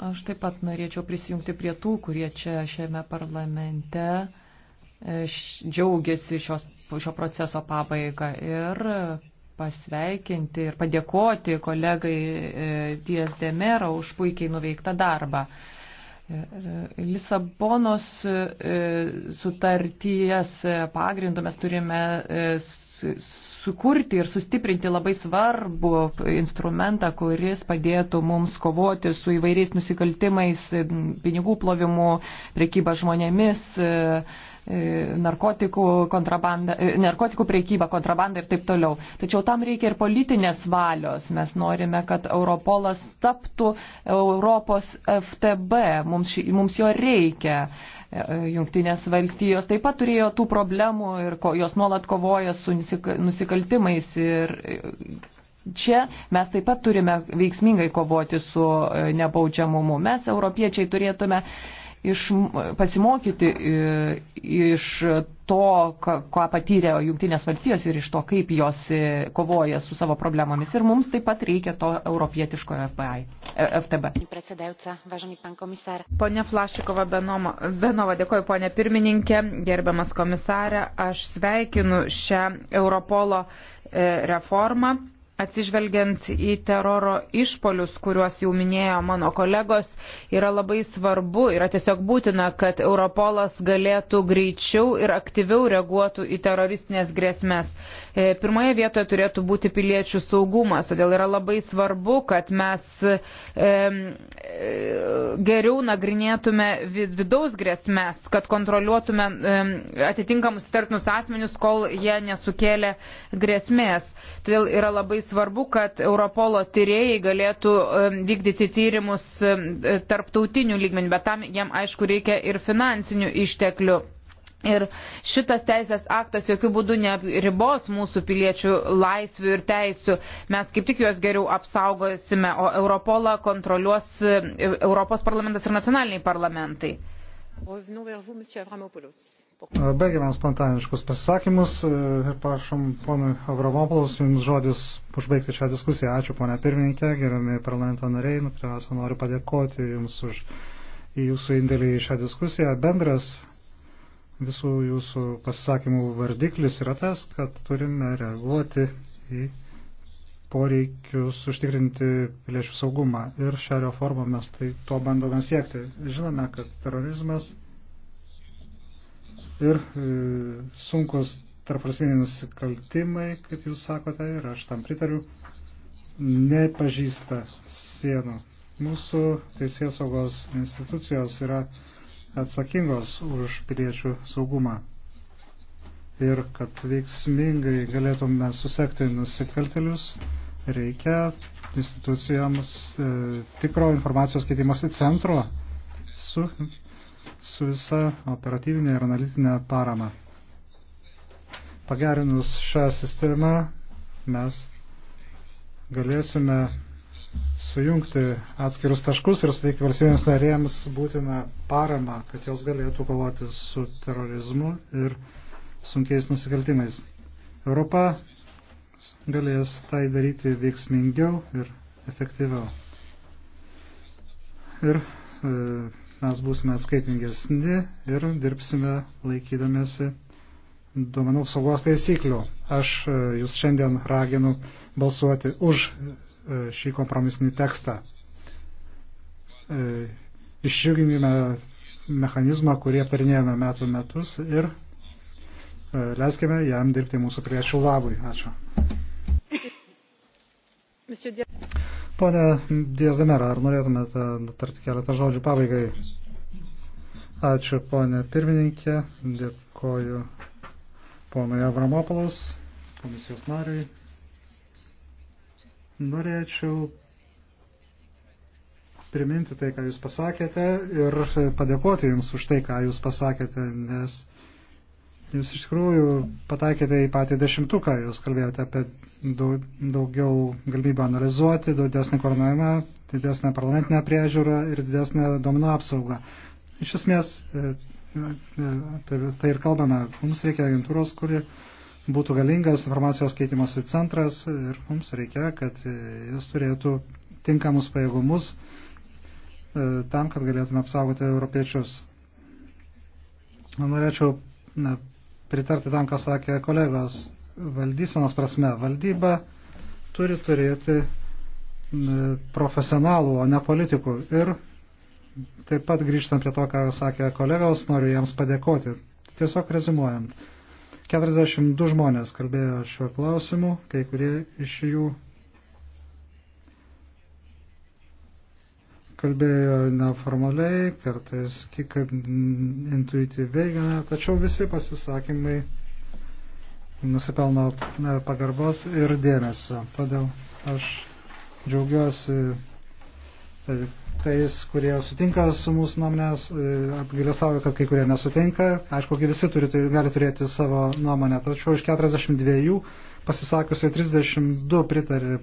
Aš taip pat norėčiau prisijungti prie tų, kurie čia šiame parlamente e, džiaugiasi šios, šio proceso pabaigą ir pasveikinti ir padėkoti kolegai e, Dijas Demero už puikiai nuveiktą darbą. Lisabonos e, sutarties pagrindu mes turime e, sukurti ir sustiprinti labai svarbų instrumentą, kuris padėtų mums kovoti su įvairiais nusikaltimais, pinigų plovimu, prekyba žmonėmis, E, narkotikų, e, narkotikų priekybą, kontrabandą ir taip toliau. Tačiau tam reikia ir politinės valios. Mes norime, kad Europolas taptų Europos FTB. Mums, mums jo reikia. E, Junktinės valstijos taip pat turėjo tų problemų ir ko, jos nuolat kovoja su nusikaltimais ir Čia mes taip pat turime veiksmingai kovoti su nebaudžiamumu. Mes, europiečiai, turėtume uh, iš, pasimokyti e, iš to, ką patyrė Junktinės valstijos ir iš to, kaip jos e, kovoja su savo problemomis. Ir mums taip pat reikia to europietiškojo FBI, FTB. Pone Flašikova Benoma, Benova, dėkoju, ponė pirmininkė, gerbiamas komisarė, aš sveikinu šią Europolo e, reformą atsižvelgiant į teroro išpolius, kuriuos jau minėjo mano kolegos, yra labai svarbu, yra tiesiog būtina, kad Europolas galėtų greičiau ir aktyviau reaguotų į teroristinės grėsmės. E, pirmoje vietoje turėtų būti piliečių saugumas, todėl yra labai svarbu, kad mes e, e geriau nagrinėtume vidaus grėsmės, kad kontroliuotume e, atitinkamus startinius asmenius, kol jie nesukėlė grėsmės. Todėl yra labai svarbu, kad Europolo tyrėjai galėtų vykdyti tyrimus tarptautinių lygmenių, bet tam jam aišku reikia ir finansinių išteklių. Ir šitas teisės aktas jokių būdų neribos mūsų piliečių laisvių ir teisių. Mes kaip tik juos geriau apsaugosime, o Europolą kontroliuos Europos parlamentas ir nacionaliniai parlamentai. Revenons vers vous, monsieur Avramopoulos. Baigiame spontaniškus pasisakymus e, ir prašom ponui Avramopoulos jums žodis užbaigti šią diskusiją. Ačiū ponia pirmininkė, gerbiami parlamento nariai, nu, pirmiausia noriu padėkoti jums už jūsų indėlį į šią diskusiją. Bendras visų jūsų pasisakymų vardiklis yra tas, kad turime reaguoti į poreikius užtikrinti piliečių saugumą. Ir šią reformą mes tai to bandome siekti. Žinome, kad terorizmas ir mm, sunkus tarprasminiai nusikaltimai, kaip jūs sakote, ir aš tam pritariu, nepažįsta sienų. Mūsų teisės saugos institucijos yra atsakingos už piliečių saugumą. Ir kad veiksmingai galėtume susekti nusikaltelius, reikia institucijoms e, tikro informacijos keitimosi centro su su visa operatyvinė ir analitinė parama. Pagerinus šią sistemą mes galėsime sujungti atskirus taškus ir suteikti valstybėms narėms būtiną paramą, kad jos galėtų kovoti su terorizmu ir sunkiais nusikaltimais. Europa galės tai daryti veiksmingiau ir efektyviau. Ir e, mes būsime atskaitingesni ir dirbsime laikydamėsi duomenų apsaugos taisyklių. Aš e, jūs šiandien raginu balsuoti už e, šį kompromisinį tekstą. E, Išjunginkime mechanizmą, kurį aptarinėjome metų metus ir leiskime jam dirbti mūsų priešių labui. Ačiū. Pone Diezdemera, ar norėtumėte tarti keletą žodžių pabaigai? Ačiū, ponė pirmininkė, dėkoju ponui Avramopoulos, komisijos nariui. Norėčiau priminti tai, ką jūs pasakėte ir padėkoti jums už tai, ką jūs pasakėte, nes Jūs iš tikrųjų pataikėte į patį dešimtuką, jūs kalbėjote apie daug, daugiau galimybę analizuoti, didesnį koordinavimą, didesnę parlamentinę priežiūrą ir didesnę domino apsaugą. Iš esmės, e, e, tai, tai ir kalbame, mums reikia agentūros, kuri būtų galingas informacijos keitimosi centras ir mums reikia, kad e, jis turėtų tinkamus pajėgumus tam, kad galėtume apsaugoti europiečius. Norėčiau na, pritarti tam, ką sakė kolegos. Valdysenos prasme, valdyba turi turėti profesionalų, o ne politikų. Ir taip pat grįžtant prie to, ką sakė kolegos, noriu jiems padėkoti. Tiesiog rezimuojant. 42 žmonės kalbėjo šiuo klausimu, kai kurie iš jų kalbėjo neformaliai, kartais kiek intuityviai, tačiau visi pasisakymai nusipelno pagarbos ir dėmesio. Todėl aš džiaugiuosi e, tais, kurie sutinka su mūsų nuomonės, e, apgailestauju, kad kai kurie nesutinka. Aišku, visi turi, tai gali turėti savo nuomonę, tačiau iš 42 pasisakiusiai 32 pritarė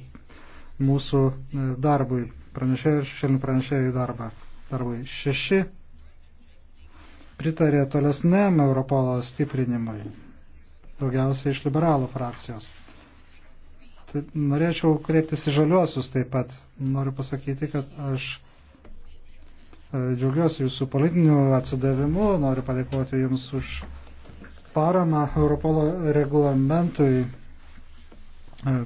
mūsų e, darbui pranešėjų ir šešėlinių pranešėjų darbą. Darbai šeši pritarė tolesniam Europolo stiprinimui, daugiausiai iš liberalų frakcijos. Tai norėčiau kreiptis į žaliuosius taip pat. Noriu pasakyti, kad aš e, džiaugiuosi jūsų politiniu atsidavimu, noriu padėkoti jums už paramą Europolo reglamentui. E,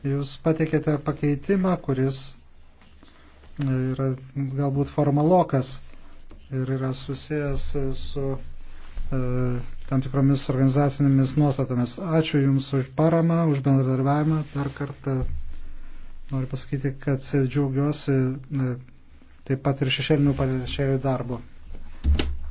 Jūs pateikėte pakeitimą, kuris yra galbūt formalokas ir yra susijęs su e, tam tikromis organizacinėmis nuostatomis. Ačiū Jums už paramą, už bendradarbiavimą. Dar kartą noriu pasakyti, kad džiaugiuosi e, taip pat ir šešėlinių pranešėjų darbu.